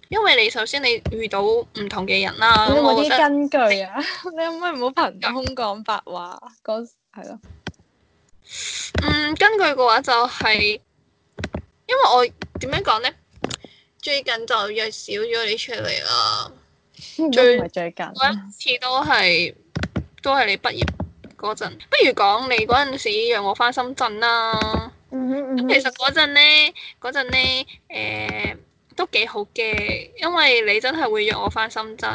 Speaker 1: 因為你首先你遇到唔同嘅人啦，咁我冇啲根
Speaker 2: 據啊，你可唔可以唔好憑空講白話講
Speaker 1: 係咯？嗯，根據嘅話就係、是、因為我點樣講咧？最近就約少咗你出嚟啦，
Speaker 2: 最最近一
Speaker 1: 次都係都係你畢業嗰陣。不如講你嗰陣時約我返深圳啦。咁、嗯嗯、其實嗰陣咧，嗰陣咧，誒、呃、都幾好嘅，因為你真係會約我返深圳，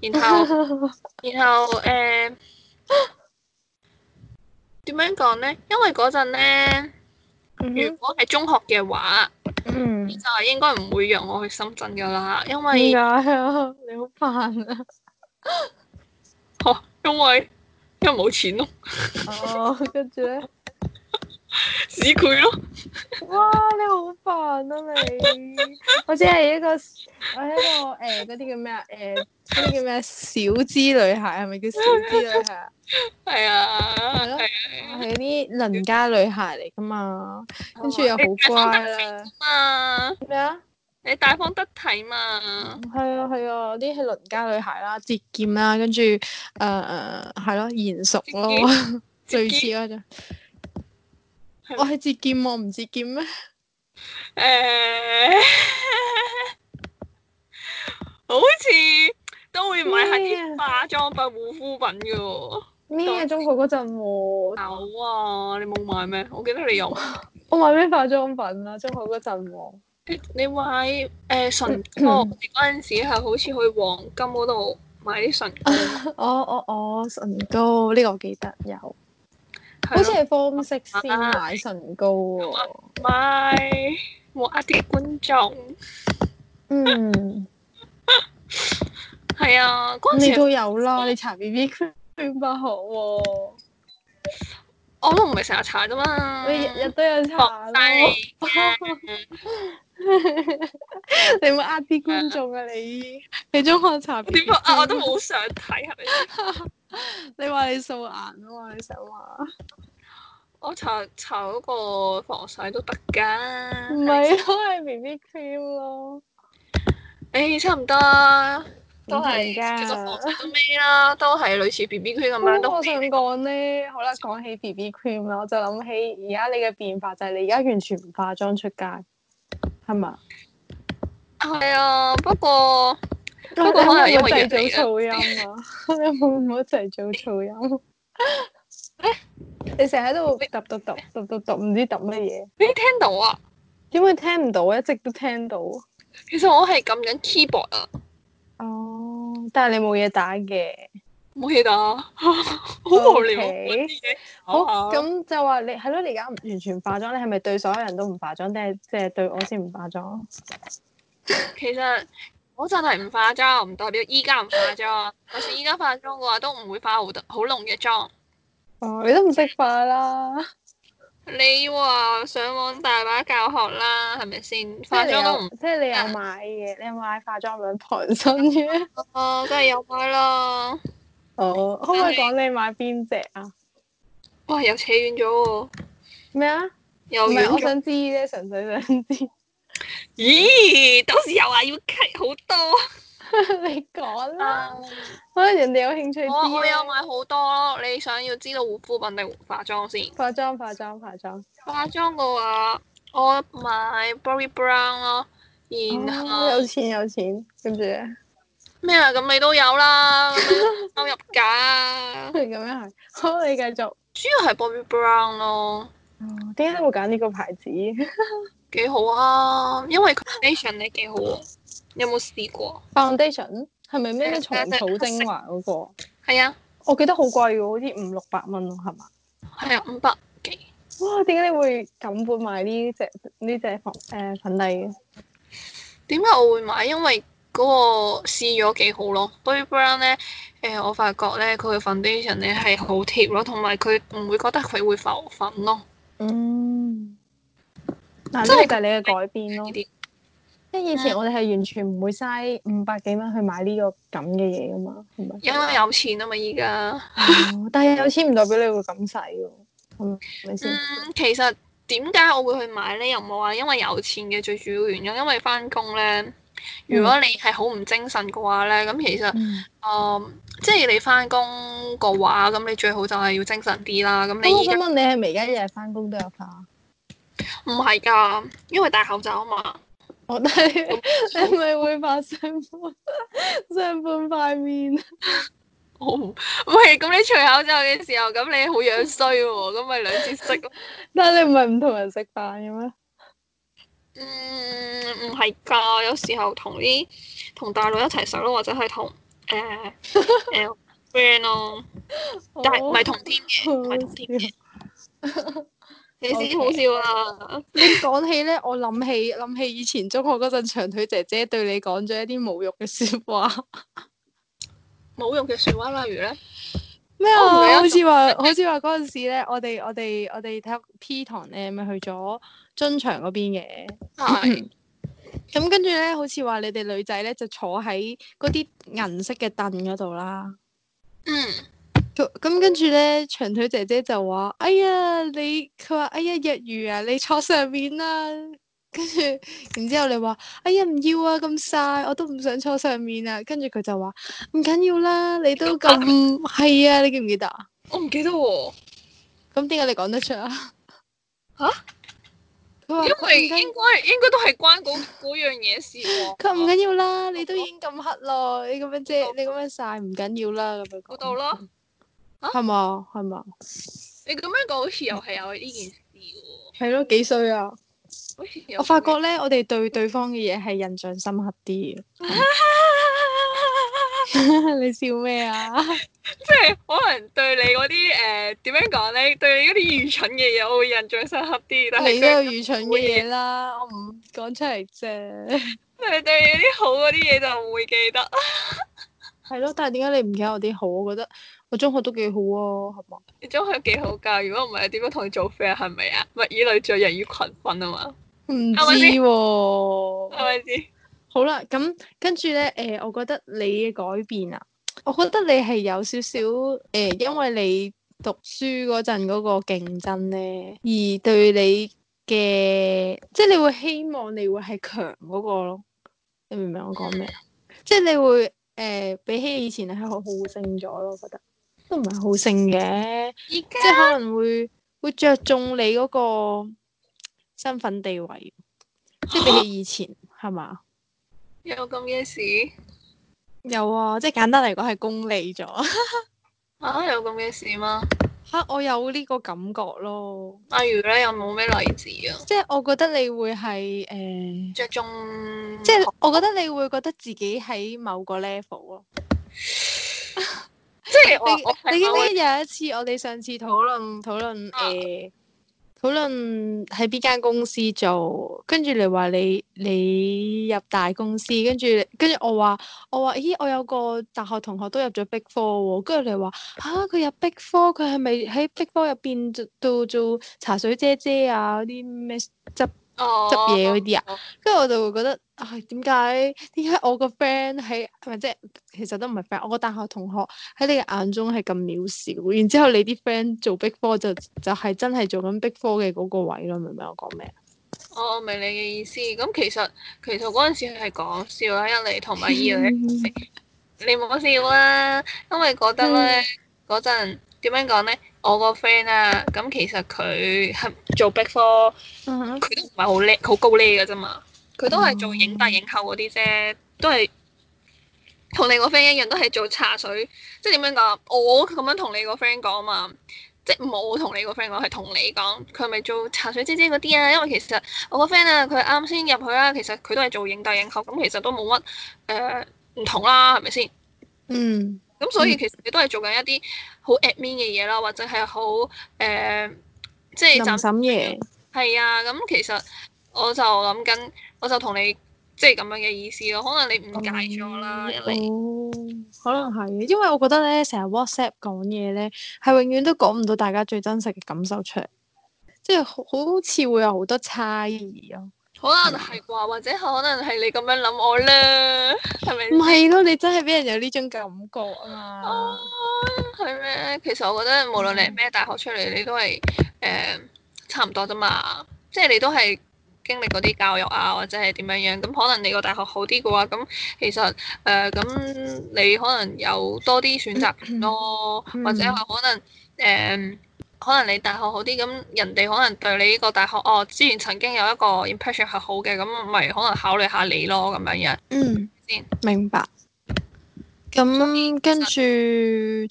Speaker 1: 然後 然後誒點樣講咧？因為嗰陣咧。如果係中學嘅話，
Speaker 2: 你、嗯、就係應
Speaker 1: 該唔會讓我去深圳噶啦，因為啊，
Speaker 2: 你好煩啊，吓 、
Speaker 1: 啊，因為因為冇錢咯、
Speaker 2: 啊， 哦，跟住咧。屎佢咯！哇，你好煩啊你！我只係一個，我係一個誒，嗰啲叫咩啊？誒，嗰啲叫咩？小資女孩係咪叫小資女孩？係啊，係咯，係啲鄰家女孩嚟噶嘛？跟住又好乖啦。啊，大方得
Speaker 1: 體嘛？咩啊？你大方得體嘛？
Speaker 2: 係啊，係啊，啲係鄰家女孩啦，節儉啦，跟住誒係咯，賢淑咯，最次啊，就。是是我係節儉喎，唔節儉咩？誒，uh, 好似
Speaker 1: 都會買下啲化妝品、護膚品㗎。
Speaker 2: 咩中學嗰陣
Speaker 1: 有啊？你冇買咩？我記得你有。
Speaker 2: 我買咩化妝品啊？中學嗰陣，
Speaker 1: 你買誒唇、呃、膏嗰陣 時係好似去黃金嗰度買啲唇
Speaker 2: 膏。我我我唇膏呢個我記得有。好似係方式先買唇膏
Speaker 1: 喎，唔係，冇呃啲觀眾。
Speaker 2: 嗯，係啊，你都有啦，你搽 BB cream 化
Speaker 1: 學喎，我都唔係成日搽啫嘛，你日日都
Speaker 2: 有搽，你冇呃啲觀眾啊你，你中學搽點啊，我都冇想睇係咪？你話你素顏啊嘛？你想話？
Speaker 1: 我搽搽嗰個防曬都得噶。
Speaker 2: 唔係，都係 B B cream 咯。誒、欸，差唔多都係噶。
Speaker 1: 其實防曬都咩啦，都係 類似 B B cream 咁樣。我
Speaker 2: 想講咧，好啦，講起 B B cream 啦，我就諗起而家你嘅變化就係你而家完全唔化妝出街，係嘛？
Speaker 1: 係啊，不過。
Speaker 2: 你可能要製造噪音啊！ 你唔好唔好一齊做噪音。 你成日喺度揼揼揼揼揼揼，唔知揼乜嘢？你聽到啊？點會聽唔到？一直都聽到。
Speaker 1: 其實我係撳緊 keyboard
Speaker 2: 啊。哦、oh，但係你冇嘢打嘅。冇嘢打，
Speaker 1: 好無聊。
Speaker 2: Okay? 好，咁就話你係咯？你而家唔完全化妝，你係咪對所有人都唔化妝，定係即係對我先唔化妝？
Speaker 1: 其實。我真係唔化妝，唔代表依家唔化妝。就算依家化妝嘅話，都唔會化好濃好濃嘅妝。
Speaker 2: 哦，你都唔識化啦？你話
Speaker 1: 上網大把教學啦，係咪先？
Speaker 2: 化妝都唔即係你又買嘅？啊、你有買化妝品傍身咩？啊、哦，真係有買啦。哦好，是可唔可以講你買邊隻啊？哇，又扯遠咗喎！咩啊麼？唔係，我想知啫，純粹想
Speaker 1: 知。 咦，到時有？要 cut 好多， 你講啦了，
Speaker 2: 可能、啊、人哋有興趣、啊。我有
Speaker 1: 買好多，你想要知道護膚品定化妝先？
Speaker 2: 化妝，化妝，化妝。
Speaker 1: 化妝嘅話，我買 Bobbi Brown 咯，然後、
Speaker 2: 哦、有錢有錢，跟住咧咩啊？咁你都有啦，收 入噶、啊。咁 樣係，好，你繼續。主要係 Bobbi Brown 咯。哦，點解會揀呢個牌子？ 幾好啊，因為佢 foundation 你幾好啊，有冇試過？foundation 係咪咩？蟲草精華嗰、嗰個？係啊，我記得好貴嘅，好似五六百蚊咯，係嘛？係啊，五百幾。哇，點解、哦、你會咁會買呢隻呢隻粉誒粉底嘅？
Speaker 1: 點解我會買？因為嗰個試咗幾好咯，Bobbi Brown 咧誒，我發覺咧佢嘅 foundation 咧係好貼咯，同埋佢唔會覺得佢會浮粉咯。嗯。
Speaker 2: 嗱，即係就你嘅改變咯。即、嗯、以前我哋係完全唔會嘥五百幾蚊去買呢個咁嘅嘢噶嘛，係咪？因
Speaker 1: 為有錢咯，嘛，依家。
Speaker 2: 但係有錢唔代表你會咁使喎。
Speaker 1: 嗯，其實點解我會去買咧？又唔係話因為有錢嘅最主要原因，因為翻工咧，如果你係好唔精神嘅話咧，咁、嗯、其實，嗯，呃、即係你翻工嘅話，咁你最好就係要精神啲啦。咁、嗯、你依家，你
Speaker 2: 係咪而家日日翻工都有化？唔係
Speaker 1: 噶，因為戴口罩啊嘛。
Speaker 2: 我戴，你咪會發上半上 半塊
Speaker 1: 面啊。我唔、哦，喂，咁你除口罩嘅時候，咁你好樣衰喎，咁咪兩隻色咯。
Speaker 2: 但你唔係唔同人食飯嘅咩？嗯，唔
Speaker 1: 係噶，有時候同啲同大陸一齊食咯，或者係同誒 friend 咯，但係唔係同天嘅，唔係 同
Speaker 2: 天嘅。 你先好笑啊！ 你講起咧，我諗起諗起以前中學嗰陣長腿姐姐對你講咗一啲侮辱嘅說話，
Speaker 1: 侮辱嘅說話
Speaker 2: 例如咧咩啊？好似話好似話嗰陣時咧，我哋我哋我哋睇 P 堂咧，咪去咗樽場嗰邊嘅，係咁跟住咧，好似話你哋女仔咧就坐喺嗰啲銀色嘅凳嗰度啦。嗯。咁跟住咧，長腿姐姐就話：哎呀，你佢話哎呀，日娛啊，你坐上面啦。跟住然之後你話：哎呀，唔要啊，咁曬，我都唔想坐上面啊。跟住佢就話：唔緊要啦，你都咁係啊，你記唔記得啊？我唔記得喎。咁點解你講得出啊？吓？
Speaker 1: 因為應該應該都係關嗰嗰樣嘢事。佢
Speaker 2: 唔緊要啦，你都已經咁黑咯，你咁樣即係，你咁樣曬，唔緊要啦，咁樣講。嗰度咯。係嘛，係嘛。你咁樣
Speaker 1: 講，好似又係有呢件事喎，啊。
Speaker 2: 係咯，幾衰啊！我發覺咧，我哋對對方嘅嘢係印象深刻啲。 你笑咩啊？
Speaker 1: 即係 可能對你嗰啲誒，點樣講咧？對你嗰啲愚蠢嘅嘢，我會印象深刻啲。但係你都有愚
Speaker 2: 蠢嘅嘢啦， 我唔講出嚟啫。
Speaker 1: 但係 對你啲好嗰啲嘢就唔會記得。
Speaker 2: 係咯，但係點解你唔記得我啲好？我覺得。我中學都幾好啊，係嘛？你
Speaker 1: 中學幾好噶？如果唔係，點樣同你做 friend？係咪啊？物以類聚，人以群分啊嘛。
Speaker 2: 唔知係咪先？係咪？係咪？好啦，咁跟住咧，誒、呃，我覺得你嘅改變啊，我覺得你係有少少誒，因為你讀書嗰陣嗰個競爭咧，而對你嘅，即係你會希望你會係強嗰個咯。你明唔明我講咩？即係你會誒、呃，比起以前係好好勝咗咯，我覺得。都唔係好勝嘅，在即係可能會會着重你嗰個身份地位，啊、即係比起以前係嘛？
Speaker 1: 有咁嘅事？
Speaker 2: 吧有啊，即係簡單嚟講係功利咗
Speaker 1: 啊？有咁嘅事嗎？吓、啊，我有呢個感
Speaker 2: 覺咯。例如呢，有冇
Speaker 1: 咩例子啊？
Speaker 2: 即係我覺得你會係誒，呃、着
Speaker 1: 重，
Speaker 2: 即係我覺得你會覺得自己喺某個 level 咯、啊。 即係我你記得我有一次我哋上次討論討論誒討論喺邊間公司做，跟住你話你你入大公司，跟住跟住我話我話咦我有個大學同學都入咗 Big Four，啊，跟住你話吓佢入 Big Four，佢係咪喺 Big Four 入邊做做茶水姐姐啊嗰啲咩執？執嘢嗰啲啊，跟住、哦、我就會覺得，唉、哎，點解點解我個 friend 喺，唔、就、咪、係？即係其實都唔係 friend，我個大學同學喺你嘅眼中係咁渺小，然之後你啲 friend 做逼科就就係、係、真係做緊逼科嘅嗰個位咯。明唔、哦、明我講咩啊？
Speaker 1: 我明你嘅意思，咁其實其實嗰陣時係講笑因一 你同埋二你，你唔好笑啦，因為覺得咧嗰陣點樣講咧？ 我個 friend 啊，咁其實佢係做 Big Four 佢都唔係好叻，好高叻嘅啫嘛。佢都係做影帝影后嗰啲啫，都係同你個 friend 一樣，都係做茶水，即係點樣講？我咁樣同你個 friend 講啊，即係冇同你個 friend 講，係同你講，佢係咪做茶水姐姐嗰啲啊？因為其實我個 friend 啊，佢啱先入去啦、啊，其實佢都係做影帝影后，咁其實都冇乜誒唔同啦，係咪先？嗯、
Speaker 2: mm。咁、hmm. 所以其
Speaker 1: 實你都係做緊一啲。好 admin 嘅嘢啦，或者係好誒、呃，
Speaker 2: 即係就沈嘢？
Speaker 1: 係啊，咁、嗯、其實我就諗緊，我就同你即係咁樣嘅意思咯。可能你誤解
Speaker 2: 咗啦。嗯、來哦，可能係，因為我覺得咧，成日 WhatsApp 講嘢咧，係永遠都講唔到大家最真實嘅感受出嚟，即係好似會有好多差異啊。
Speaker 1: 可能係啩，或者可能係你咁樣諗我咧，係咪？唔係
Speaker 2: 咯，你真係俾人有呢種感
Speaker 1: 覺啊！哎，係咩？其實我覺得無論你係咩大學出嚟，你都係誒差唔多啫嘛。即係你都係經歷嗰啲教育啊，或者係點樣樣咁。可能你個大學好啲嘅話，咁其實誒咁你可能有多啲選擇咯啊。嗯嗯。或者係可能誒。呃可能你大學好啲，咁人哋可能對你呢個大學哦，之前曾經有一個 impression 係好嘅，咁咪可能考慮下你咯咁樣樣。
Speaker 2: 嗯，先。明白。咁跟住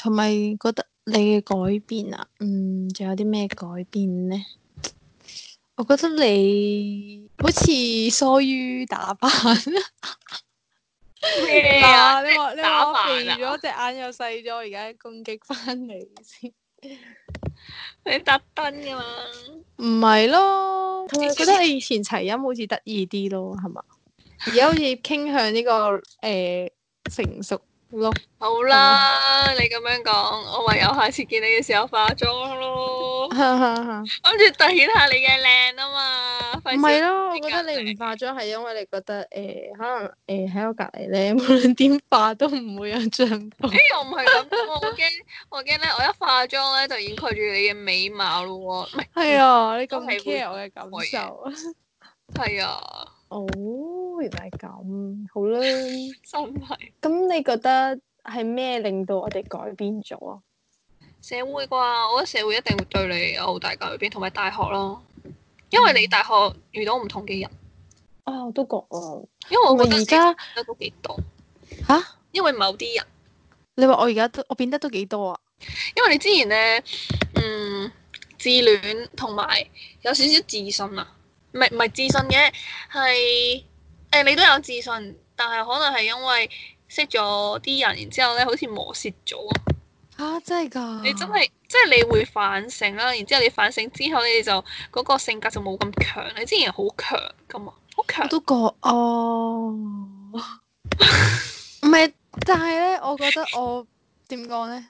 Speaker 2: 同埋覺得你嘅改變啊，嗯，仲有啲咩改變咧？我覺得你好似疏於打扮。係啊，你話你話我肥咗，隻眼又細咗，而家攻擊翻你先。你特登㗎嘛？唔係咯，同埋覺得你以前齊音好似得意啲咯，係嘛？而家好似傾向呢、這個誒、呃、成熟。好啦，
Speaker 1: 啊、你咁樣講，我唯有下
Speaker 2: 次見你嘅時候化妝咯。
Speaker 1: 跟住凸顯下你嘅靚啊嘛！唔
Speaker 2: 係咯，我覺得你唔化妝係因為你覺得誒、欸，可能誒喺、欸、我隔籬咧，無論點化都唔會有進步、 欸。我唔係咁，我
Speaker 1: 驚我驚咧， 我一化妝咧就掩蓋住你嘅美貌咯。唔
Speaker 2: 係。係 啊，你咁 care 我嘅感受。
Speaker 1: 係 是啊。
Speaker 2: 哦，原來係咁，好啦， 真係是。咁你覺得係咩令到我哋改變咗啊？
Speaker 1: 社會啩，我覺得社會一定會對你有好大改變，同埋大學咯，因為你大學遇到唔同嘅人。
Speaker 2: 啊、哦，我都覺啊，因為我覺得而家都幾多。吓？啊、
Speaker 1: 因為某啲人。
Speaker 2: 你話我而家都我變得都幾多啊？
Speaker 1: 因為你之前咧，嗯，自戀同埋有少少自信啊。唔係，唔係自信嘅，係誒、呃、你都有自信，但係可能係因為識咗啲人，然之後咧，好似磨蝕咗。啊，真係㗎？你真係即係你會反省啦，然之後你反省之後咧，你就嗰、那個性格就冇咁強。你之前好強噶嘛？
Speaker 2: 好強。我都覺哦，唔係， 但係咧，我覺得我點講咧？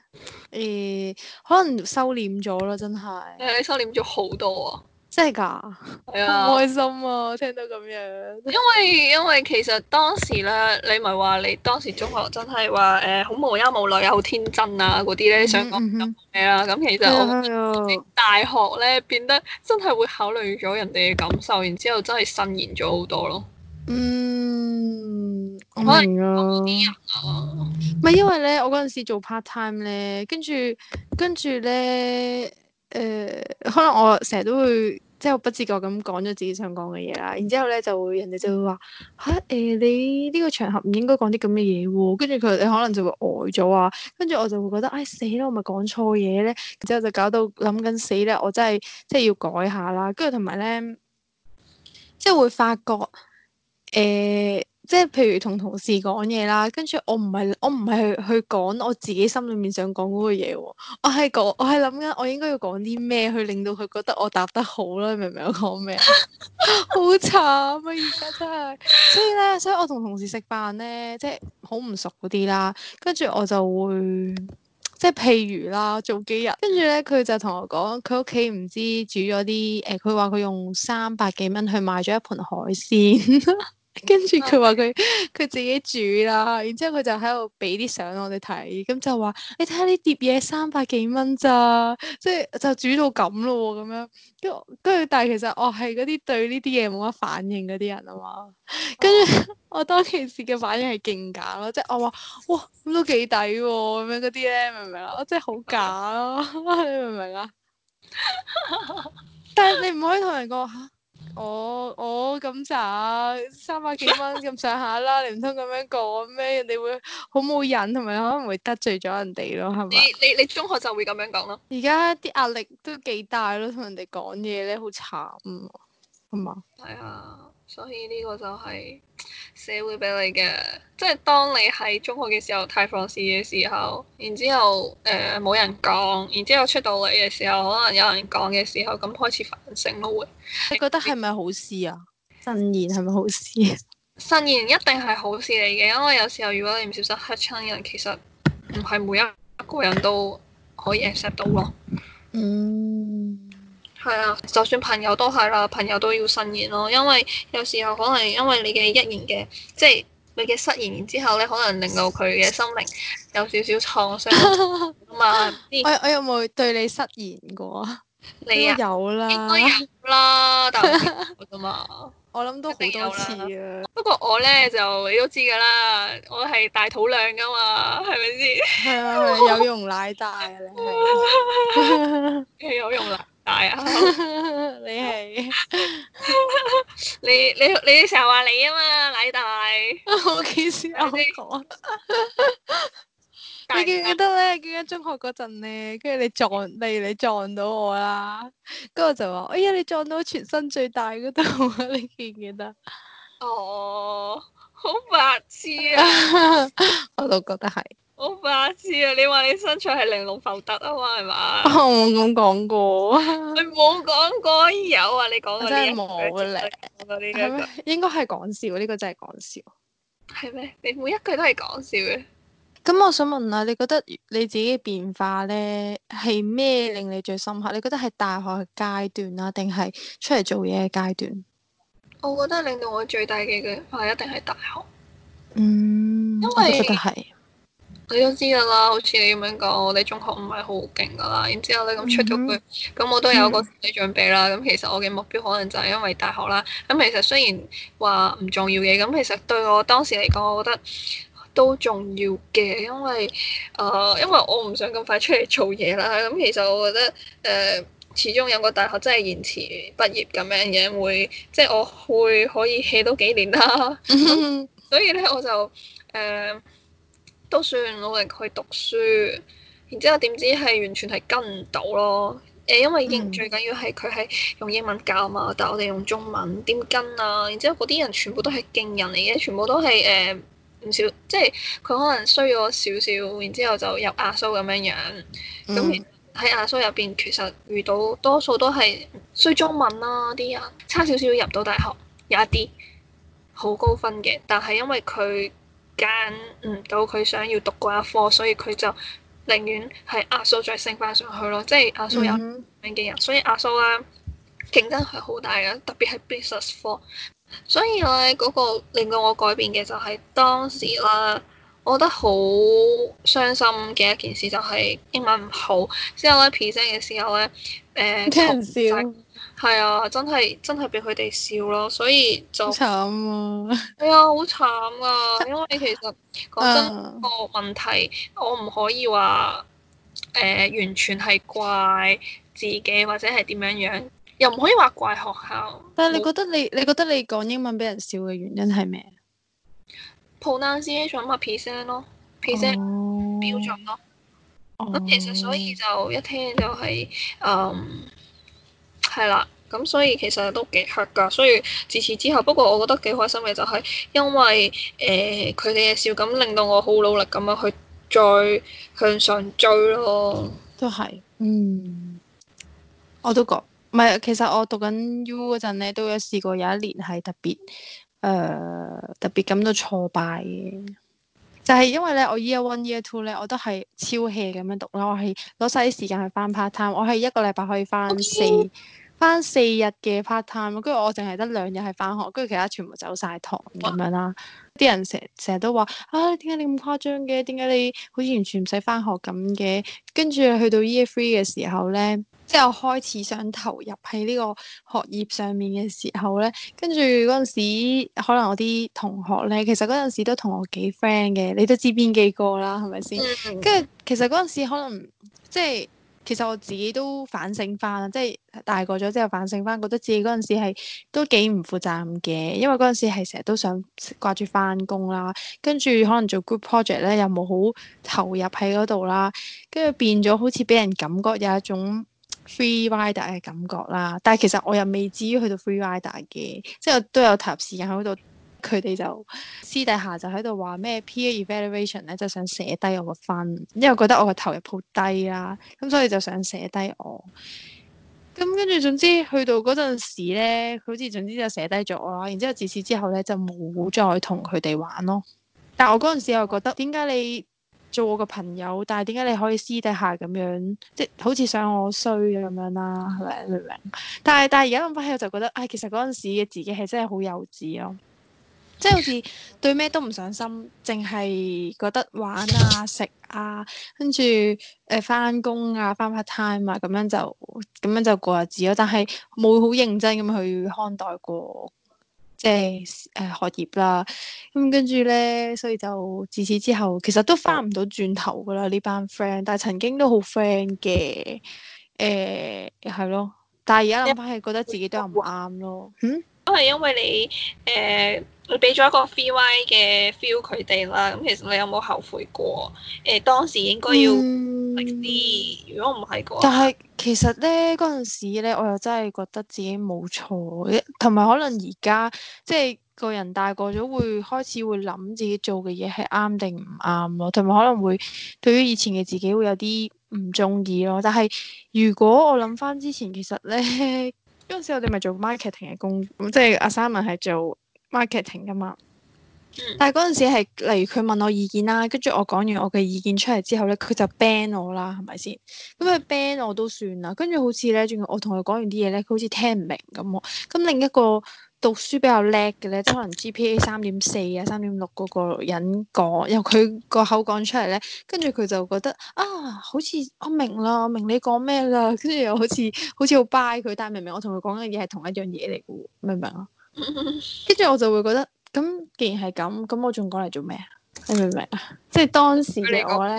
Speaker 2: 誒、呃，可能收斂咗啦，真係。你你收斂咗好多啊！真係噶，啊、好開心啊！
Speaker 1: 聽到咁樣， 因為因為其實當時咧，你咪話你當時中學真係話誒，好、呃、無憂無慮又好天真啊嗰啲咧，呢嗯、想
Speaker 2: 講
Speaker 1: 啲咩啦。咁、嗯嗯、其實我，啊啊、大學咧變得真係會考慮咗人哋嘅感受，然之後真係慎言咗好多咯。嗯，
Speaker 2: 可能啊，唔係因為咧，我嗰陣時做 part time 咧，跟住跟住咧，誒、呃，可能我成日都會。即係我不自覺咁講咗自己想講嘅嘢啦，然之後咧就人哋就會話嚇，誒，你呢個場合唔應該講啲咁嘅嘢喎，跟住佢你可能就會呆咗啊，跟住我就會覺得唉、哎、死啦，我咪講錯嘢咧，然之後就搞到諗緊死咧，我真係即係要改下啦，跟住同埋咧即係會發覺誒。哎即係譬如同同事講嘢啦，跟住我唔係我唔係去講我自己心裏面想講嗰個嘢喎，我係講我係諗緊我應該要講啲咩去令到佢覺得我答得好啦，你明唔明我講咩？ 好慘啊，而家真係，所以咧，所以我同同事食飯咧，即係好唔熟嗰啲啦，跟住我就會即係、就是、譬如啦，早幾日，呢跟住咧佢就同我講佢屋企唔知煮咗啲誒，佢話佢用三百幾蚊去買咗一盆海鮮。 跟住佢話佢，佢自己煮啦，然之後佢就喺度俾啲相我哋睇，咁就話，你睇下呢碟嘢三百幾蚊咋，即係就煮到咁咯，咁樣，跟跟住但係其實我係嗰啲對呢啲嘢冇乜反應嗰啲人啊嘛，跟住，嗯，嗯，我當其時嘅反應係勁假咯，即係我話哇咁都幾抵喎，咁樣嗰啲咧明唔明啊？即係好假咯，你明唔明啊？ 但係你唔可以同人講吓。我我咁咋，三百幾蚊咁上下啦， 你唔通咁樣講咩？人哋會好冇癮，同埋可能會得罪咗人哋咯，係咪？你你中學就會咁樣講咯。而家啲壓力都幾大咯，同人哋講嘢咧好慘啊，係嘛？係啊、哎。
Speaker 1: 所以呢個就係社會俾你嘅，即係當你喺中學嘅時候太放肆嘅時候，然之後誒冇人講，然之後出到嚟嘅時候可能有人講嘅時候，咁開始反省咯會。
Speaker 2: 你覺得係咪好事啊？慎言係咪好事
Speaker 1: 啊？慎言一定係好事嚟嘅，因為有時候如果你唔小心黑親人，其實唔係每一個人都可以 accept 到咯。嗯。係啊，就算朋友都係啦，朋友都要慎言咯，因為有時候可能因為你嘅一言嘅，即係你嘅失言，然之後咧可能令到佢嘅心靈有少少創傷啊嘛。
Speaker 2: 我我有冇對你失言過啊？你啊，有啦，應該有
Speaker 1: 啦，但係啫嘛。 我諗都
Speaker 2: 好多次啊。不過我
Speaker 1: 咧，就你都知㗎啦，我係大肚量噶嘛，係咪
Speaker 2: 先？係 啊，是是，有容乃大啊，
Speaker 1: 你係 有容納。
Speaker 2: 大啊 是！ 你係
Speaker 1: 你你你
Speaker 2: 成日話你啊嘛，禮大。我 好搞笑，你記唔記得咧？記得中學嗰陣咧，跟住你撞你，你撞到我啦。跟住我就話：哎呀，你撞到全身最大嗰度啊！你記唔記得？哦，
Speaker 1: 好白痴啊！我都覺得係。我白痴啊！你話你身
Speaker 2: 材係玲瓏浮凸啊嘛，係嘛？ 我冇咁講過。你
Speaker 1: 冇講過，有啊！你講嗰啲真係冇嘅咧。係咩？
Speaker 2: 應該係講笑呢個，真係講笑。係咩？
Speaker 1: 你每一句都係講笑嘅。
Speaker 2: 咁我想問下，你覺得你自己嘅變化咧，係咩令你最深刻？你覺得係大學嘅階段啦，定係出嚟做嘢嘅階段？
Speaker 1: 我覺得令到我最大嘅變化一定係大
Speaker 2: 學。嗯，因為我覺得係。
Speaker 1: 你都知噶啦，好似你咁樣講，我哋中學唔係好勁噶啦。然之後咧，咁出咗去，咁、mm hmm. 我都有個心理準備啦。咁、mm hmm. 其實我嘅目標可能就係因為大學啦。咁其實雖然話唔重要嘅，咁其實對我當時嚟講，我覺得都重要嘅，因為誒、呃，因為我唔想咁快出嚟做嘢啦。咁其實我覺得誒、呃，始終有個大學真係延遲畢業咁樣嘢，會即係我會可以 hea 多幾年啦。嗯、 所以咧，我就誒。呃都算努力去讀書，然之後點知係完全係跟唔到咯。誒，因為英最緊要係佢係用英文教嘛，但係我哋用中文點跟啊？然之後嗰啲人全部都係勁人嚟嘅，全部都係誒唔少，即係佢可能衰咗少少，然之後就入亞蘇咁樣樣。咁喺亞蘇入邊，其實遇到多數都係衰中文啦啊，啲人，差少少入到大學有一啲好高分嘅，但係因為佢。揀唔到佢想要讀嗰一科，所以佢就寧願係阿蘇再升翻上去咯。即係阿蘇有名嘅人、mm hmm。所，所以阿蘇啦競爭係好大嘅，特別係 business 科。所以咧嗰個令到我改變嘅就係當時啦，我覺得好傷心嘅一件事就係英文唔好，之後咧 present 嘅時候咧誒，呃、聽人笑。係 啊，真係真係俾佢哋笑咯，所以就好慘啊！係啊、哎，好慘啊！因為其實講真、 啊、個問題，我唔可以話誒、呃、完全係怪自己或者係點樣樣，又唔可以話怪學校。
Speaker 2: 但係你覺得你我你覺得你講英文俾人笑嘅原因係咩
Speaker 1: ？Pronunciation 咪 P.S. 咯，P.S. 標準咯。咁、啊哦哦 嗯、其實所以就一聽就係、是、嗯。係啦，咁所以其實都幾黑㗎，所以自此之後，不過我覺得幾開心嘅就係，因為誒佢哋嘅笑感令到我好努力咁樣去再向上追咯。
Speaker 2: 都係，嗯，我都覺，唔係，其實我讀緊 U 嗰陣咧，都有試過有一年係特別誒、呃、特別感到挫敗嘅，就係、是、因為咧我 year one year two 咧，我都係超 hea 咁樣讀啦，我係攞晒啲時間去返 part time，我係一個禮拜可以返四翻四日嘅 part time，跟住我淨係得兩日係翻學，跟住其他全部走晒堂咁樣啦。啲人成成日都話：啊，點解你咁誇張嘅？點解你好似完全唔使翻學咁嘅？跟住去到 year three 嘅時候咧，即係我開始想投入喺呢個學業上面嘅時候咧，跟住嗰陣時可能我啲同學咧，其實嗰陣時都同我幾 friend 嘅，你都知邊幾個啦，係咪先？跟住其實嗰陣時可能即係。其實我自己都反省翻，即係大個咗之後反省翻，覺得自己嗰陣時係都幾唔負責任嘅，因為嗰陣時係成日都想掛住翻工啦，跟住可能做 group project 咧又冇好投入喺嗰度啦，跟住變咗好似俾人感覺有一種 free rider 嘅感覺啦，但係其實我又未至於去到 free rider 嘅，即係我都有投入時間喺度。佢哋就私底下就喺度話咩 peer evaluation 咧，就想寫低我個分，因為覺得我個投入好低啦，咁所以就想寫低我。咁跟住，總之去到嗰陣時咧，好似總之就寫低咗我啦。然之後自此之後咧，就冇再同佢哋玩咯。但係我嗰陣時又覺得，點解你做我個朋友，但係點解你可以私底下咁樣，即係好似想我衰咁樣啦？明唔明？但係但係而家諗翻起，我就覺得，唉，其實嗰陣時嘅自己係真係好幼稚咯。即係好似對咩都唔上心，淨係覺得玩啊、食啊，跟住誒翻工啊、翻 part time 啊，咁樣就咁樣就過日子咯。但係冇好認真咁去看待過，即係誒學業啦。咁跟住咧，所以就自此之後，其實都翻唔到轉頭噶啦。呢班 friend，但係曾經都好 friend 嘅，誒、呃、係咯。但係而家諗翻係覺得自己都係唔啱咯。嗯，
Speaker 1: 都係因為你誒。呃你俾咗一個 f e e y 嘅 feel 佢哋啦，咁其實你有冇後悔過？誒、呃、當時
Speaker 2: 應
Speaker 1: 該要明啲、嗯，如
Speaker 2: 果唔係個。但係其實咧，嗰陣時咧，我又真係覺得自己冇錯，同埋可能而家即係個人大個咗會開始會諗自己做嘅嘢係啱定唔啱咯，同埋可能會對於以前嘅自己會有啲唔中意咯。但係如果我諗翻之前，其實咧，嗰陣時我哋咪做 marketing 嘅工，咁即係阿 Simon 係做。marketing 噶嘛，但係嗰陣時係例如佢問我意見啦，跟住我講完我嘅意見出嚟之後咧，佢就 ban 我啦，係咪先？咁佢 ban 我都算啦，跟住好似咧，仲要我同佢講完啲嘢咧，佢好似聽唔明咁喎。咁另一個讀書比較叻嘅咧，即可能 GPA 三點四啊，三點六嗰個人講，由佢個口講出嚟咧，跟住佢就覺得啊，好似我明啦，我明，我明你講咩啦，跟住又好似好似好 by 佢，但係明明我同佢講嘅嘢係同一樣嘢嚟嘅喎，明唔明啊？跟住我就會覺得，咁既然係咁，咁我仲講嚟做咩啊？你明唔明啊？即係當時嘅我咧，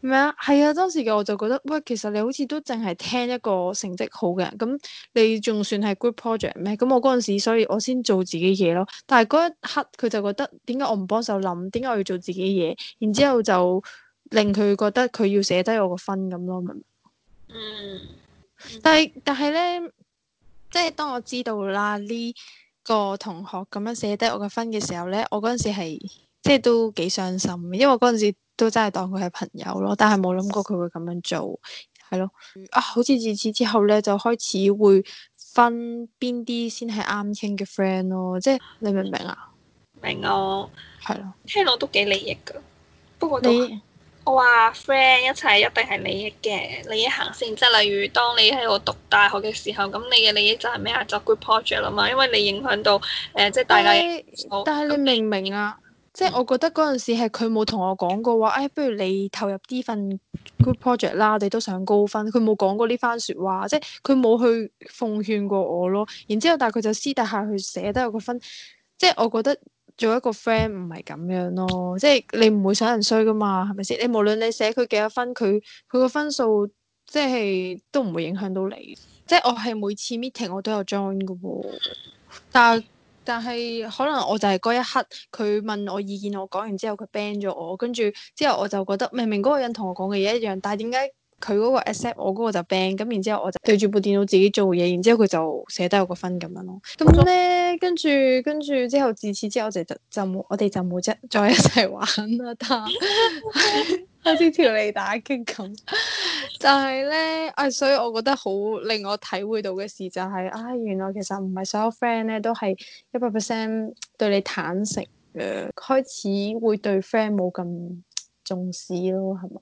Speaker 2: 咩啊？係 啊，當時嘅我就覺得，喂，其實你好似都淨係聽一個成績好嘅人。咁你仲算係 good project 咩？咁我嗰陣時，所以我先做自己嘢咯。但係嗰一刻，佢就覺得，點解我唔幫手諗？點解我要做自己嘢？然之後就令佢覺得佢要寫低我個分咁咯，明唔明？嗯？嗯。但係，但係咧。即係當我知道啦呢，這個同學咁樣寫低我嘅分嘅時候咧，我嗰陣時係即係都幾傷心，因為嗰陣時都真係當佢係朋友咯，但係冇諗過佢會咁樣做，係咯啊，好似自此之後咧就開始會分邊啲先係啱傾嘅 friend 咯，即係你明唔明啊？哦？
Speaker 1: 明咯，係咯，聽落都幾利益㗎，
Speaker 2: 不過你。
Speaker 1: 我話 friend 一齊一定係利益嘅，利益行先。即係例如，當你喺我讀大學嘅時候，咁你嘅利益就係咩啊？就 group project 啦嘛，因為你影響到誒，即係
Speaker 2: 大家。但係是、呃、你明唔明啊？嗯、即係我覺得嗰陣時係佢冇同我講過話，誒、哎，不如你投入啲份 group project 啦，我哋都想高分。佢冇講過呢番説話，即係佢冇去奉勸過我咯。然之後，但係佢就私底下去寫得有個分，即係我覺得。做一個 friend 唔係咁樣咯，即係你唔會想人衰㗎嘛，係咪先？你無論你寫佢幾多分，佢佢個分數即係都唔會影響到你。即係我係每次 meeting 我都有 join 㗎喎，但但係可能我就係嗰一刻佢問我意見，我講完之後佢 ban 咗我，跟住之後我就覺得明明嗰個人同我講嘅嘢一樣，但係點解？佢嗰個 accept 我嗰個就 ban，咁然之後我就對住部電腦自己做嘢，然之後佢就寫低我個分咁樣咯。咁咧，跟住跟住之後，自此之後就就冇，我哋就冇一再一齊玩啦。但係好似調離打擊咁，就係咧。啊，所以我覺得好令我體會到嘅事就係、是、啊，原來其實唔係所有 friend 咧都係一百 percent 對你坦誠嘅，開始會對 friend 冇咁重視咯，係嘛？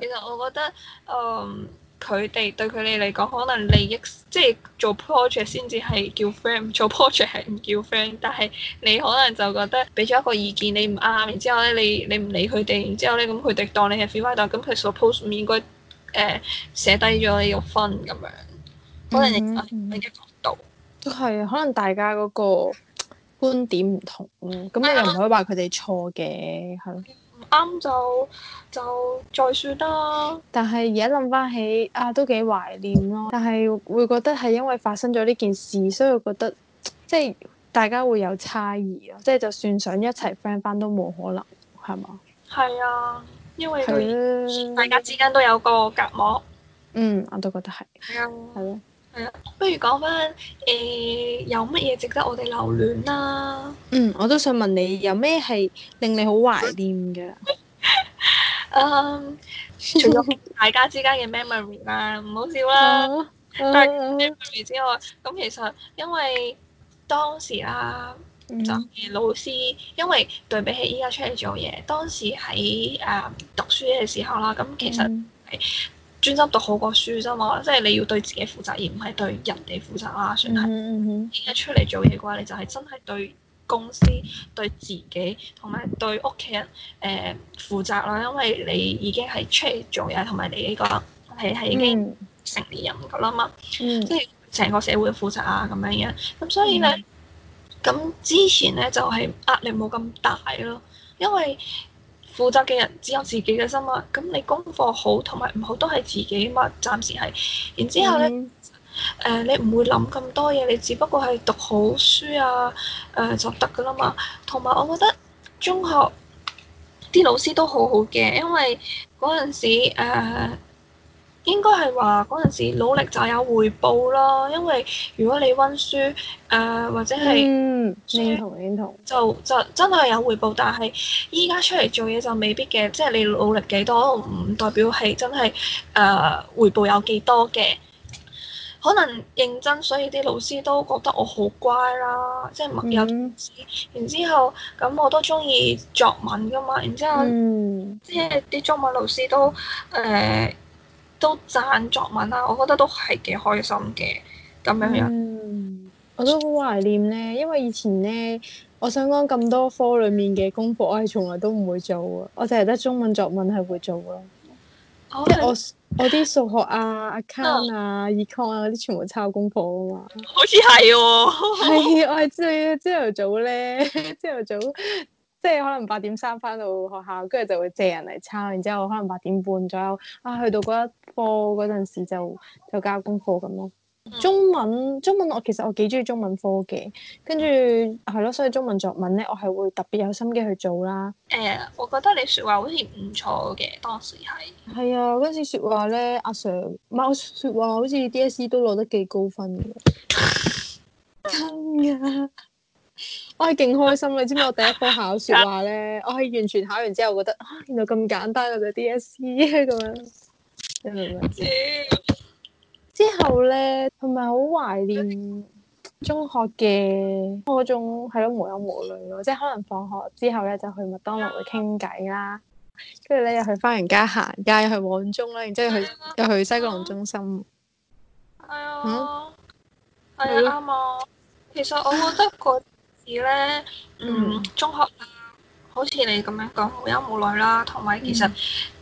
Speaker 1: 其實我覺得，嗯，佢哋對佢哋嚟講，可能利益即係做 project 先至係叫 friend，做 project 係唔叫 friend。但係你可能就覺得俾咗一個意見，你唔啱，然之後咧，你你唔理佢哋，然之後咧，咁佢哋當你係 fire，咁佢 suppose 唔應該誒、呃、寫低咗呢個分咁樣。
Speaker 2: 可能你你嘅角度都係可能大家嗰個觀點唔同咯，咁你又唔可以話佢哋錯嘅，係咯。啱、嗯、就就再算啦。但係而家諗翻起啊，都幾懷念咯。但係會覺得係因為發生咗呢件事，所以我覺得即係大家會有差異啊。即係就算想一齊 friend 翻都冇可能，係嘛？係啊，因
Speaker 1: 為的大家之間都有個隔膜。
Speaker 2: 嗯，我都覺得係。
Speaker 1: 係啊，係咯。不如講翻誒，有乜嘢值得我哋留戀啦、啊？
Speaker 2: 嗯，我都想問你，有咩係令你好懷念嘅？ 嗯，除
Speaker 1: 咗大家之間嘅 memory 啦，唔好笑啦，但係 memory、啊啊啊、之外，咁、啊啊啊、其實因為當時啦，嗯、就係老師，因為對比起依家出嚟做嘢，當時喺誒、嗯、讀書嘅時候啦，咁其實。嗯專心讀好個書啫嘛，即係你要對自己負責，而唔係對人哋負責啦。算係依家出嚟做嘢嘅話，你就係真係對公司、對自己同埋對屋企人誒、呃、負責啦。因為你已經係出嚟做嘢，同埋你呢個係係已經成年人噶啦嘛，mm hmm. 即係成個社會負責啊咁樣樣。咁所以咧，咁、mm hmm. 之前咧就係、是、壓力冇咁大咯，因為。負責嘅人只有自己嘅心嘛，咁你功課好同埋唔好都係自己嘛，暫時係。然之後呢，誒、mm. 呃、你唔會諗咁多嘢，你只不過係讀好書啊，誒、呃、就得㗎喇嘛。同埋我覺得中學啲老師都好好嘅，因為嗰陣時應該係話嗰陣時努力就有回報啦，因為如果你溫書，誒、呃、或者係，同同，就就真係有回報。但係依家出嚟做嘢就未必嘅，即、就、係、是、你努力幾多唔代表係真係誒、呃、回報有幾多嘅。可能認真，所以啲老師都覺得我好乖啦，即係默認。然之後咁我都中意作文噶嘛，然之後即係啲中文老師都誒。呃都
Speaker 2: 讚作文啦、啊，我覺得都係幾開心嘅咁樣樣、嗯。我都好懷念咧，因為以前咧，我想講咁多科裏面嘅功課，我係從來都唔會做啊！我淨係得中文作文係會做咯。哦、即係我 我啲數學啊、account 啊、econ 啊嗰啲，全部抄功課啊嘛。好似係喎，係 我係朝朝頭早咧，朝頭早。 即係可能八點三返到學校，跟住就會借人嚟抄，然之後可能八點半左右啊，去到嗰一科嗰陣時就就交功課咁咯、嗯。中文中文我其實我幾中意中文科嘅，跟住係咯，所以中文作文咧我係會特別有心機去做啦。誒，uh,
Speaker 1: 我覺得你説話
Speaker 2: 好似唔錯嘅。當時係，係啊，嗰陣時説話咧，阿、啊、Sir、啊，唔係我説話，好似 DSE 都攞得幾高分嘅。真噶～我係勁開心，你知唔知我第一科考説話咧？我係完全考完之後覺得，啊、原來咁簡單嘅 DSE 咁樣，你明唔明？之後咧，同埋好懷念中學嘅嗰種係咯，都無憂無慮咯，即係可能放學之後咧就去麥當勞去傾偈啦，跟住咧又去翻花園街行街，又去旺中啦，然之後去，哎，呦又去西九龍中心。係啊，係啊，啱啊！
Speaker 1: 其實我覺得 而咧，
Speaker 2: 嗯，
Speaker 1: 中學啊，好似你咁樣講，好無憂無慮啦，同埋其實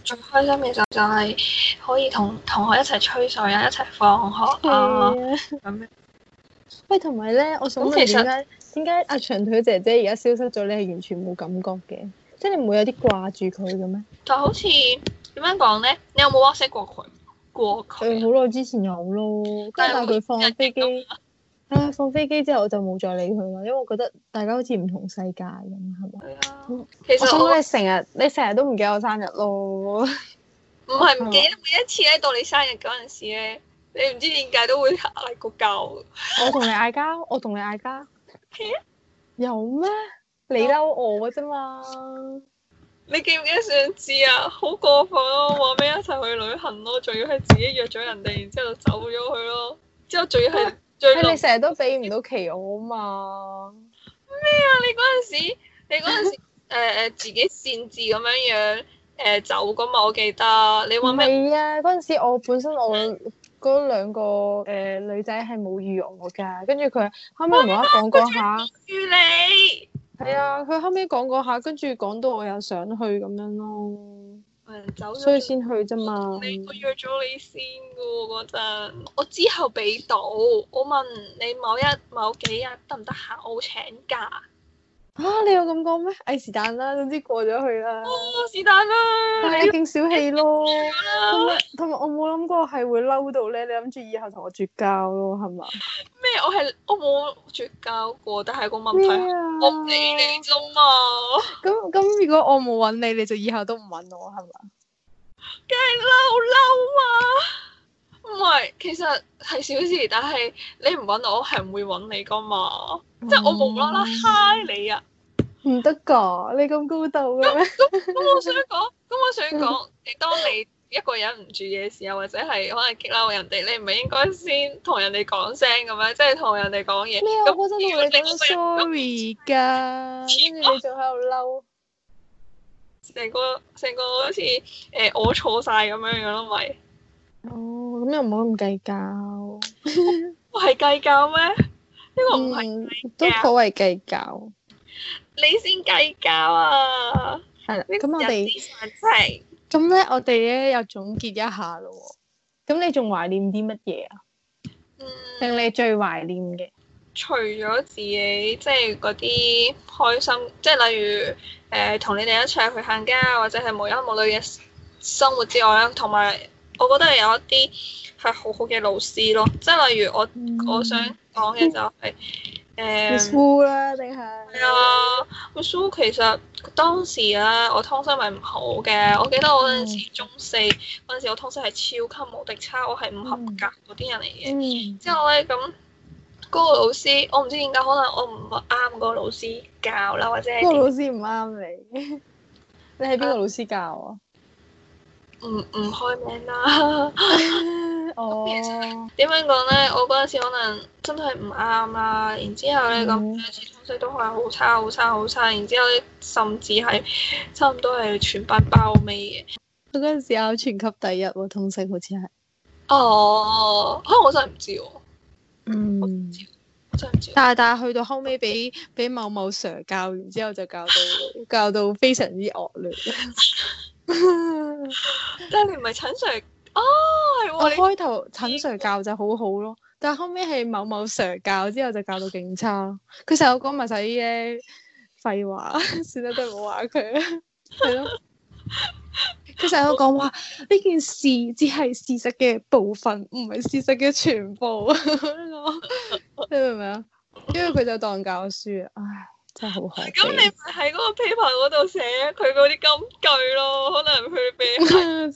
Speaker 1: 最開心嘅時候就係可以同同學一齊吹水啊，一齊放學啊
Speaker 2: 咁。喂、啊，同埋咧，我想問其實點解點解阿長腿姐姐而家消失咗？你係完全冇感覺嘅，即係你唔會有啲掛住佢嘅咩？
Speaker 1: 就好似點樣講咧？你有冇 WhatsApp 過佢？
Speaker 2: 過佢好耐之前有咯，但係佢放飛機。放飛機之後我就冇再理佢啦，因為我覺得大家好似唔同世界咁，係咪？其實我覺得你成日你成日都唔記得我生日咯，唔係唔記得
Speaker 1: 吧每一次咧，到你生日嗰陣時咧，你唔知點解都會嗌個交。
Speaker 2: 我同你嗌交，我同你嗌交。有咩？你嬲我啫嘛？
Speaker 1: 你記唔記得上次啊？好過分啊！話咩一齊去旅行咯，仲要係自己約咗人哋，然之後就走咗去咯，
Speaker 2: 之後仲要係。你成日都俾唔到企我啊嘛？咩啊？你嗰陣時，你嗰
Speaker 1: 陣時，誒誒、 呃，自己擅自咁樣樣，誒、呃、走噶嘛？我記得你話
Speaker 2: 咩？係啊，嗰陣時我本身我嗰兩、嗯、個誒、呃、女仔係冇預約我噶、哎，跟住佢後尾同我講嗰下，
Speaker 1: 預你」，
Speaker 2: 係啊，佢後尾講嗰下，跟住講到我又想去咁樣咯。
Speaker 1: 走所以先去啫嘛我。我約咗你先噶喎。嗰陣，我之後俾到。我問你某一某幾日得唔得閒，我請假。
Speaker 2: 啊，你有咁講咩？哎是但啦，總之過咗去啦。哦
Speaker 1: 是但啦。你勁
Speaker 2: 小氣咯。同埋同埋我冇諗過係會嬲到咧，你諗住以後同我絕交咯係嘛？咩？我係我冇絕交過，但係個
Speaker 1: 問題、啊、我
Speaker 2: 唔理你咋嘛？咁咁如果我冇搵你，你就以後都唔搵我係嘛？勁嬲嬲啊！唔係，其實係小
Speaker 1: 事，但係你唔揾我係唔會揾你㗎嘛，嗯、即係我無啦啦嗨你啊，
Speaker 2: 唔得㗎，你咁孤獨嘅咁咁咁，我
Speaker 1: 想講，我想講， 當你一個人唔住嘅時候，或者係可能激嬲人哋，你唔係應該先同人哋講聲咁、就是、麼樣，即係同人哋講嘢咁我真係同
Speaker 2: 你講 sorry 㗎的，跟住、啊、你仲喺度嬲，
Speaker 1: 成個成個好似誒、欸、我錯晒咁樣嘅咯，咪。
Speaker 2: 哦，咁又唔好咁計較，
Speaker 1: 我係計較咩？呢個唔係
Speaker 2: 都好謂計較，嗯、計
Speaker 1: 較你先計較啊！
Speaker 2: 係啦，咁我哋咁咧，我哋咧又總結一下咯。咁你仲懷念啲乜嘢啊？嗯，令你最懷念嘅，
Speaker 1: 除咗自己，即係嗰啲開心，即係例如誒同、呃、你哋一齊去行街，或者係無憂無慮嘅生活之外咧，同埋。我覺得有一啲係好好嘅老師咯，即係例如我我想講嘅就係、是、誒。Miss Wu 啦、嗯，定係、嗯？係啊 Miss Wu、啊、其實當時咧，我通識咪唔好嘅。我記得我嗰陣時中四嗰陣、嗯、時，我通識係超級無敵差，我係唔合格嗰啲人嚟嘅。嗯、之後咧咁，嗰、嗰個老師，我唔知點解，可能我唔啱嗰個老師教啦，或者係個老
Speaker 2: 師唔啱你。 你係邊個老師教啊？唔唔開名啦，
Speaker 1: 哦，點樣講呢？我嗰陣時可能真係唔啱啦，然之後呢，咁，每次通識都係好差、好差、好差，然之後呢甚至係差唔多係全班包尾嘅。
Speaker 2: 我嗰陣時有全級第一喎、啊，通識好似係。哦，吓我真
Speaker 1: 係唔知喎、啊。嗯、mm.。我真
Speaker 2: 係唔知。但係但係去到後尾，俾俾 某某 Sir 教完，完之後就教到教到非常之惡劣。 即係你唔係陳 sir，啊我開頭陳 sir 教就好好咯，但後尾係某某 sir 教之後就教到勁差，佢成日講埋晒啲嘢廢話， 算啦都冇話佢，係 咯， 佢成日都講話呢件事只係事實嘅部分，唔係事實嘅全部， 你明唔明啊？因為佢就當教書，唉。 真
Speaker 1: 係好可，咁你咪喺嗰個 paper 嗰度寫佢嗰啲金句咯，可能佢俾
Speaker 2: 貼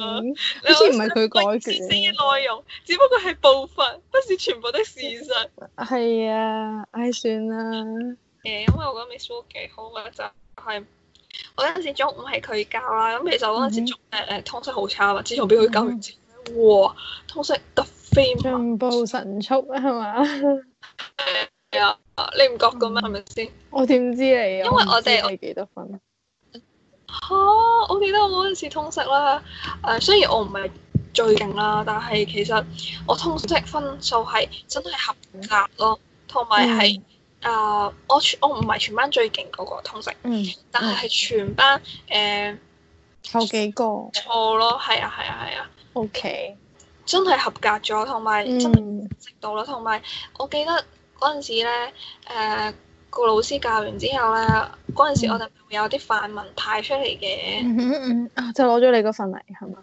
Speaker 2: 啊， 是你好似唔係佢改決嘅內
Speaker 1: 容，只不過係部分，不是全部都係事實。
Speaker 2: 係啊，唉、哎、算啦。
Speaker 1: 誒，yeah，因為我覺得 Miss 蘇幾好嘅、啊、就係、是，我嗰陣時中午係佢教啦，咁其實嗰陣時誒誒通識好差嘛，之前邊會咁好哇，通識突
Speaker 2: 飛，進步神速啊，係嘛？
Speaker 1: 啊，你唔覺咁咩？係咪先？是
Speaker 2: 是我點知你？因為我哋你幾多分？
Speaker 1: 吓、啊，我記得我嗰次通識啦。誒、呃，雖然我唔係最勁啦，但係其實我通識分數係真係合格咯，同埋係誒，我全我唔係全班最勁嗰、那個通識，嗯，
Speaker 2: 但係係全班誒，後、呃、幾個錯咯，係啊，係啊，係啊，啊
Speaker 1: ，OK，、嗯、真係合格咗，同埋真係值到啦，同埋、嗯、我記得。嗰陣時咧，誒、呃、個老師教完之後咧，嗰陣時我哋會有啲範文派出嚟嘅。
Speaker 2: 啊 就攞咗你個份嚟係嘛？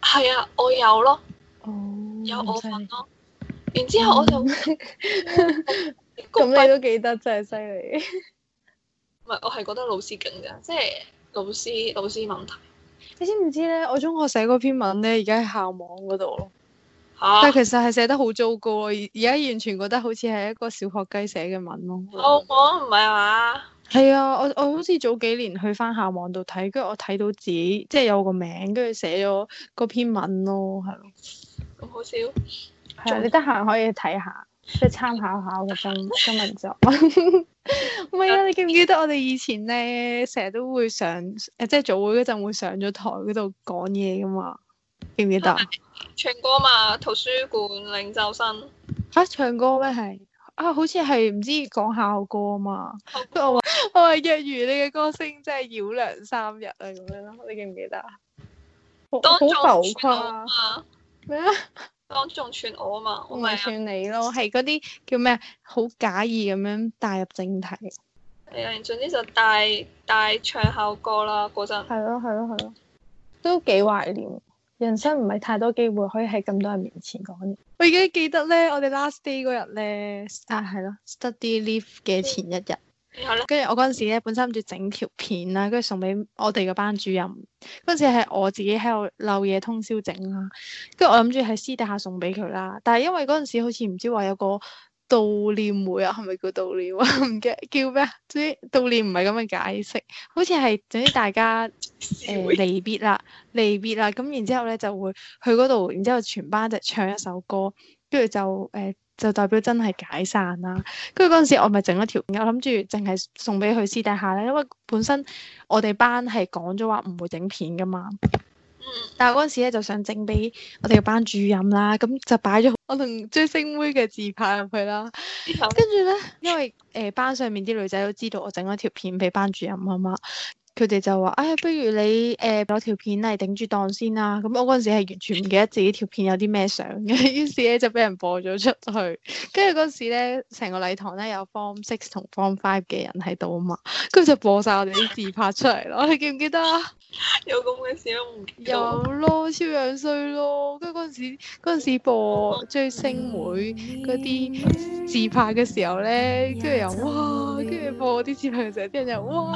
Speaker 2: 係啊，我有
Speaker 1: 咯，哦、有我份
Speaker 2: 咯。行然之後我就咁，你都記得真係犀利。
Speaker 1: 唔 係，我係覺得老師勁㗎，即、就、係、是、老師老師問題。
Speaker 2: 你知唔知咧？我中學寫嗰篇文咧，而家喺校網嗰度咯。但係其實係寫得好糟糕，而家完全覺得好似係一個小學雞寫嘅文咯。我
Speaker 1: 唔係啊嘛？
Speaker 2: 係啊，我我好似早幾年去翻校網度睇，跟住我睇到自己即係有個名，跟住寫咗嗰篇文咯，係咯。咁好少。係、嗯。你得閒可以睇下，即係參考下我嘅新今文作就唔係啊，你記唔記得我哋以前咧，成日都會上誒，即係早會嗰陣會上咗台嗰度講嘢噶嘛？記唔記得？
Speaker 1: 唱歌嘛，圖書館領袖
Speaker 2: 生嚇、啊、唱歌咩？係啊？好似係唔知講校歌嘛。 我話我話若如你嘅歌聲真係繞梁三日啊！咁樣咯，你記唔記得啊？當眾串我咩啊？
Speaker 1: 當眾串我啊？嘛，我咪
Speaker 2: 串麼你咯，係嗰啲叫咩？好假意咁樣帶入正題。
Speaker 1: 係啊，然之後就帶帶唱校歌啦，嗰陣。係咯係咯係咯，
Speaker 2: 都幾懷念。人生唔係太多機會可以喺咁多人面前講嘢。我已經記得咧，我哋 last day 嗰日咧，啊係咯，study leave 嘅前一日。 然後跟住我嗰陣時咧，本身諗住整條片啦，跟住送俾我哋嘅班主任。嗰陣時係我自己喺度漏夜通宵整啦，跟住我諗住喺私底下送俾佢啦。但係因為嗰陣時好似唔知話有個。悼念會啊，係咪叫悼念啊？唔記得叫咩啊？總之悼念唔係咁嘅解釋，好似係總之大家誒離別啦，離別啦。咁然之後咧就會去嗰度，然之後全班就唱一首歌，跟住就誒、呃、就代表真係解散啦。跟住嗰陣時，我咪整咗條片，我諗住淨係送俾佢私底下咧，因為本身我哋班係講咗話唔會整片㗎嘛。但係嗰陣時咧就想整俾我哋嘅班主任啦，咁就擺咗我同追星妹嘅自拍入去啦。的跟住咧，因為誒班上面啲女仔都知道我整咗條片俾班主任啊嘛。佢哋就話，哎，不如你誒攞條片嚟頂住檔先啦。咁我嗰陣時係完全唔記得自己條片有啲咩相嘅，於是咧就俾人播咗出去。跟住嗰陣時咧，成個禮堂咧有 form six 同 form five 嘅人喺度啊嘛，跟住就播晒我哋啲自拍出嚟咯。 你記唔記得啊？有咁嘅事都唔記得。有咯，超樣衰咯。跟住嗰陣時，陣時播追星會嗰啲自拍嘅時候咧，跟住又哇，跟住播啲自拍嘅時候，就啲人就哇。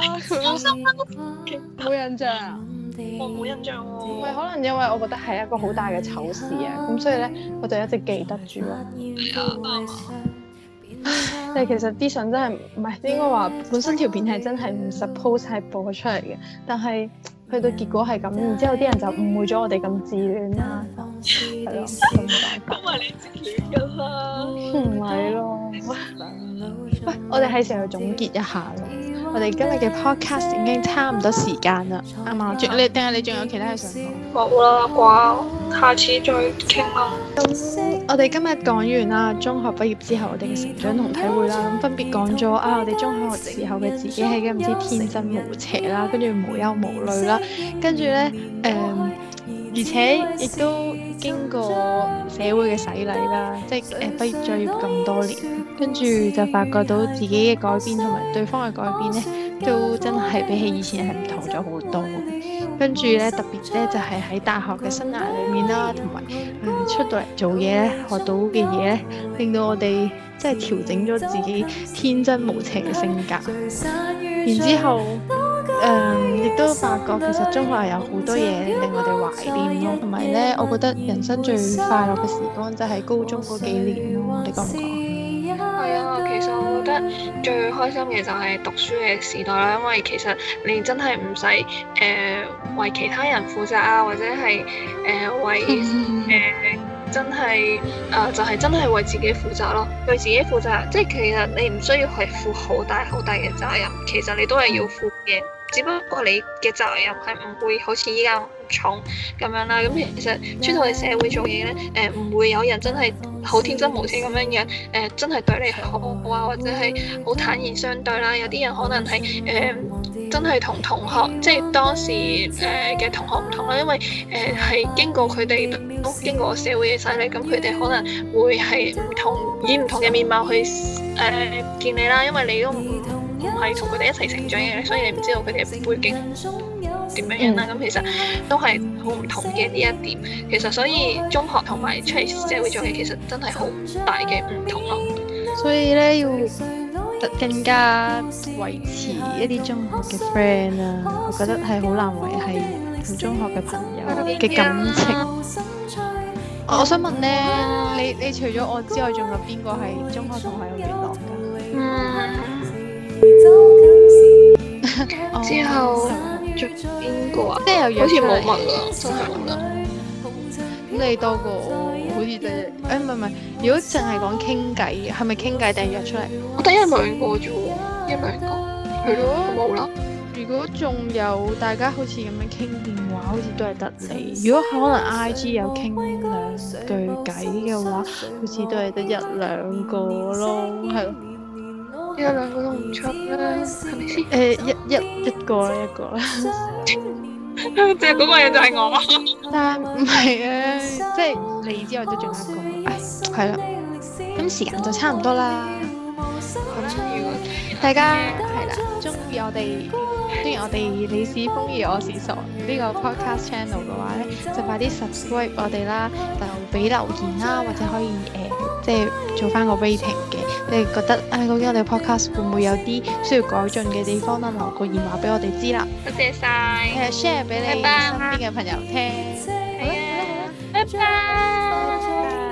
Speaker 2: 冇印象，
Speaker 1: 我
Speaker 2: 冇、哦、印象喎。唔係，可能因為我覺得係一個好大嘅醜事啊，咁所以咧，我就一直記得住咯，哎呃。 但係其實啲相真係唔係應該話本身條片係真係唔 suppose 晒播出嚟嘅，但係去到結果係咁，然之後啲人就誤會咗我哋咁自戀啦，係咯咁講。因為 你自戀噶啦，唔係咯。喂、 啊，我哋係時候去總結一下咯。我哋今日嘅 podcast 已經差唔多時間啦，啱嘛，嗯？還，還你定係你仲有其他嘢想講？冇啦，啩，下次再傾啦。我哋今日講完啦，中學畢業之後我哋嘅成長同體會啦，咁分別講咗啊，我哋中學時候嘅自己係嘅唔知天真無邪啦，跟住無憂無慮啦，跟住呢，誒、呃，而且亦都。經過社會嘅洗禮啦，即係誒畢業、就業咁多年，跟住就發覺到自己嘅改變同埋對方嘅改變咧，都真係比起以前係唔同咗好多。跟住咧特別咧就係、是、喺大學嘅生涯裏面啦，同埋、嗯、出到嚟做嘢咧，學到嘅嘢咧，令到我哋即係調整咗自己天真無邪嘅性格。然之後，誒、呃、亦都發覺其實中學有好多嘢令我哋懷念咯，同埋咧，我覺得人生最快樂嘅時光就係、是、高中嗰幾年你覺唔覺？係啊、嗯，
Speaker 1: 其實我覺得最開心嘅就係讀書嘅時代啦，因為其實你真係唔使誒為其他人負責啊，或者係誒為誒。真係，啊、呃，就係、是、真係為自己負責咯，為自己負責。即係其實你唔需要係負好大好大嘅責任，其實你都係要負嘅，只不過你嘅責任係唔會好似依家咁重咁樣啦、啊。咁其實出到去社會做嘢咧，誒、呃，唔會有人真係好天真無邪咁樣嘅，誒、呃，真係對你係好好啊，或者係好坦然相對啦。有啲人可能係，誒、呃。真係同同學，即係當時誒嘅同學唔同啦，因為誒係、呃、經過佢哋都經過社會嘅洗禮，咁佢哋可能會係唔同，以唔同嘅面貌去誒、呃、見你啦。因為你都唔唔係同佢哋一齊成長嘅，所以你唔知道佢哋嘅背景點樣樣啦。咁、嗯、其實都係好唔同嘅呢一點。其實所以中學同埋出嚟社會做嘢，其實真係好大嘅唔同咯。
Speaker 2: 所以咧要。更加維持一啲中學嘅 friend 啊，我覺得係好難維繫，係同中學嘅朋友嘅感情。我、嗯 哦、想問咧、嗯，你你除咗我之外，仲有邊個係中學同學有聯絡
Speaker 1: 噶？嗯、 之後仲邊個啊？有好似冇問啦，真係
Speaker 2: 冇啦。咁你多過我？好似就，誒唔係唔係，如果淨係講傾偈，係咪傾偈定係約出嚟？我得一兩個啫，一兩個，係咯，冇啦、嗯。如果仲有大家好似咁樣傾電話，好似都係得你。如果可能 I G 有傾兩句偈嘅話，好似都係得一兩個咯，係
Speaker 1: 咯、
Speaker 2: 欸，一兩個都唔出啦，係咪先？誒，一一一個啦，一個啦。 即係嗰個嘢，就係我咯， 啊，但係唔係啊。即係你之外都仲有一個，係、啊、啦，咁時間就差唔多啦。咁如果大家係啦，中意、嗯、了我哋，中意 我哋你是風雨》。我是傻呢個 podcast channel 嘅話咧，就快啲 subscribe 我哋啦，就俾留言啦，或者可以誒、呃，即係做翻個 rating 嘅。你哋覺得唉，究竟我哋 podcast 會唔會有啲需要改進嘅地方啦？留個電話俾我哋知啦。多謝晒，係、uh, share 俾你 Bye bye. 身邊嘅朋友聽。好啦，拜拜。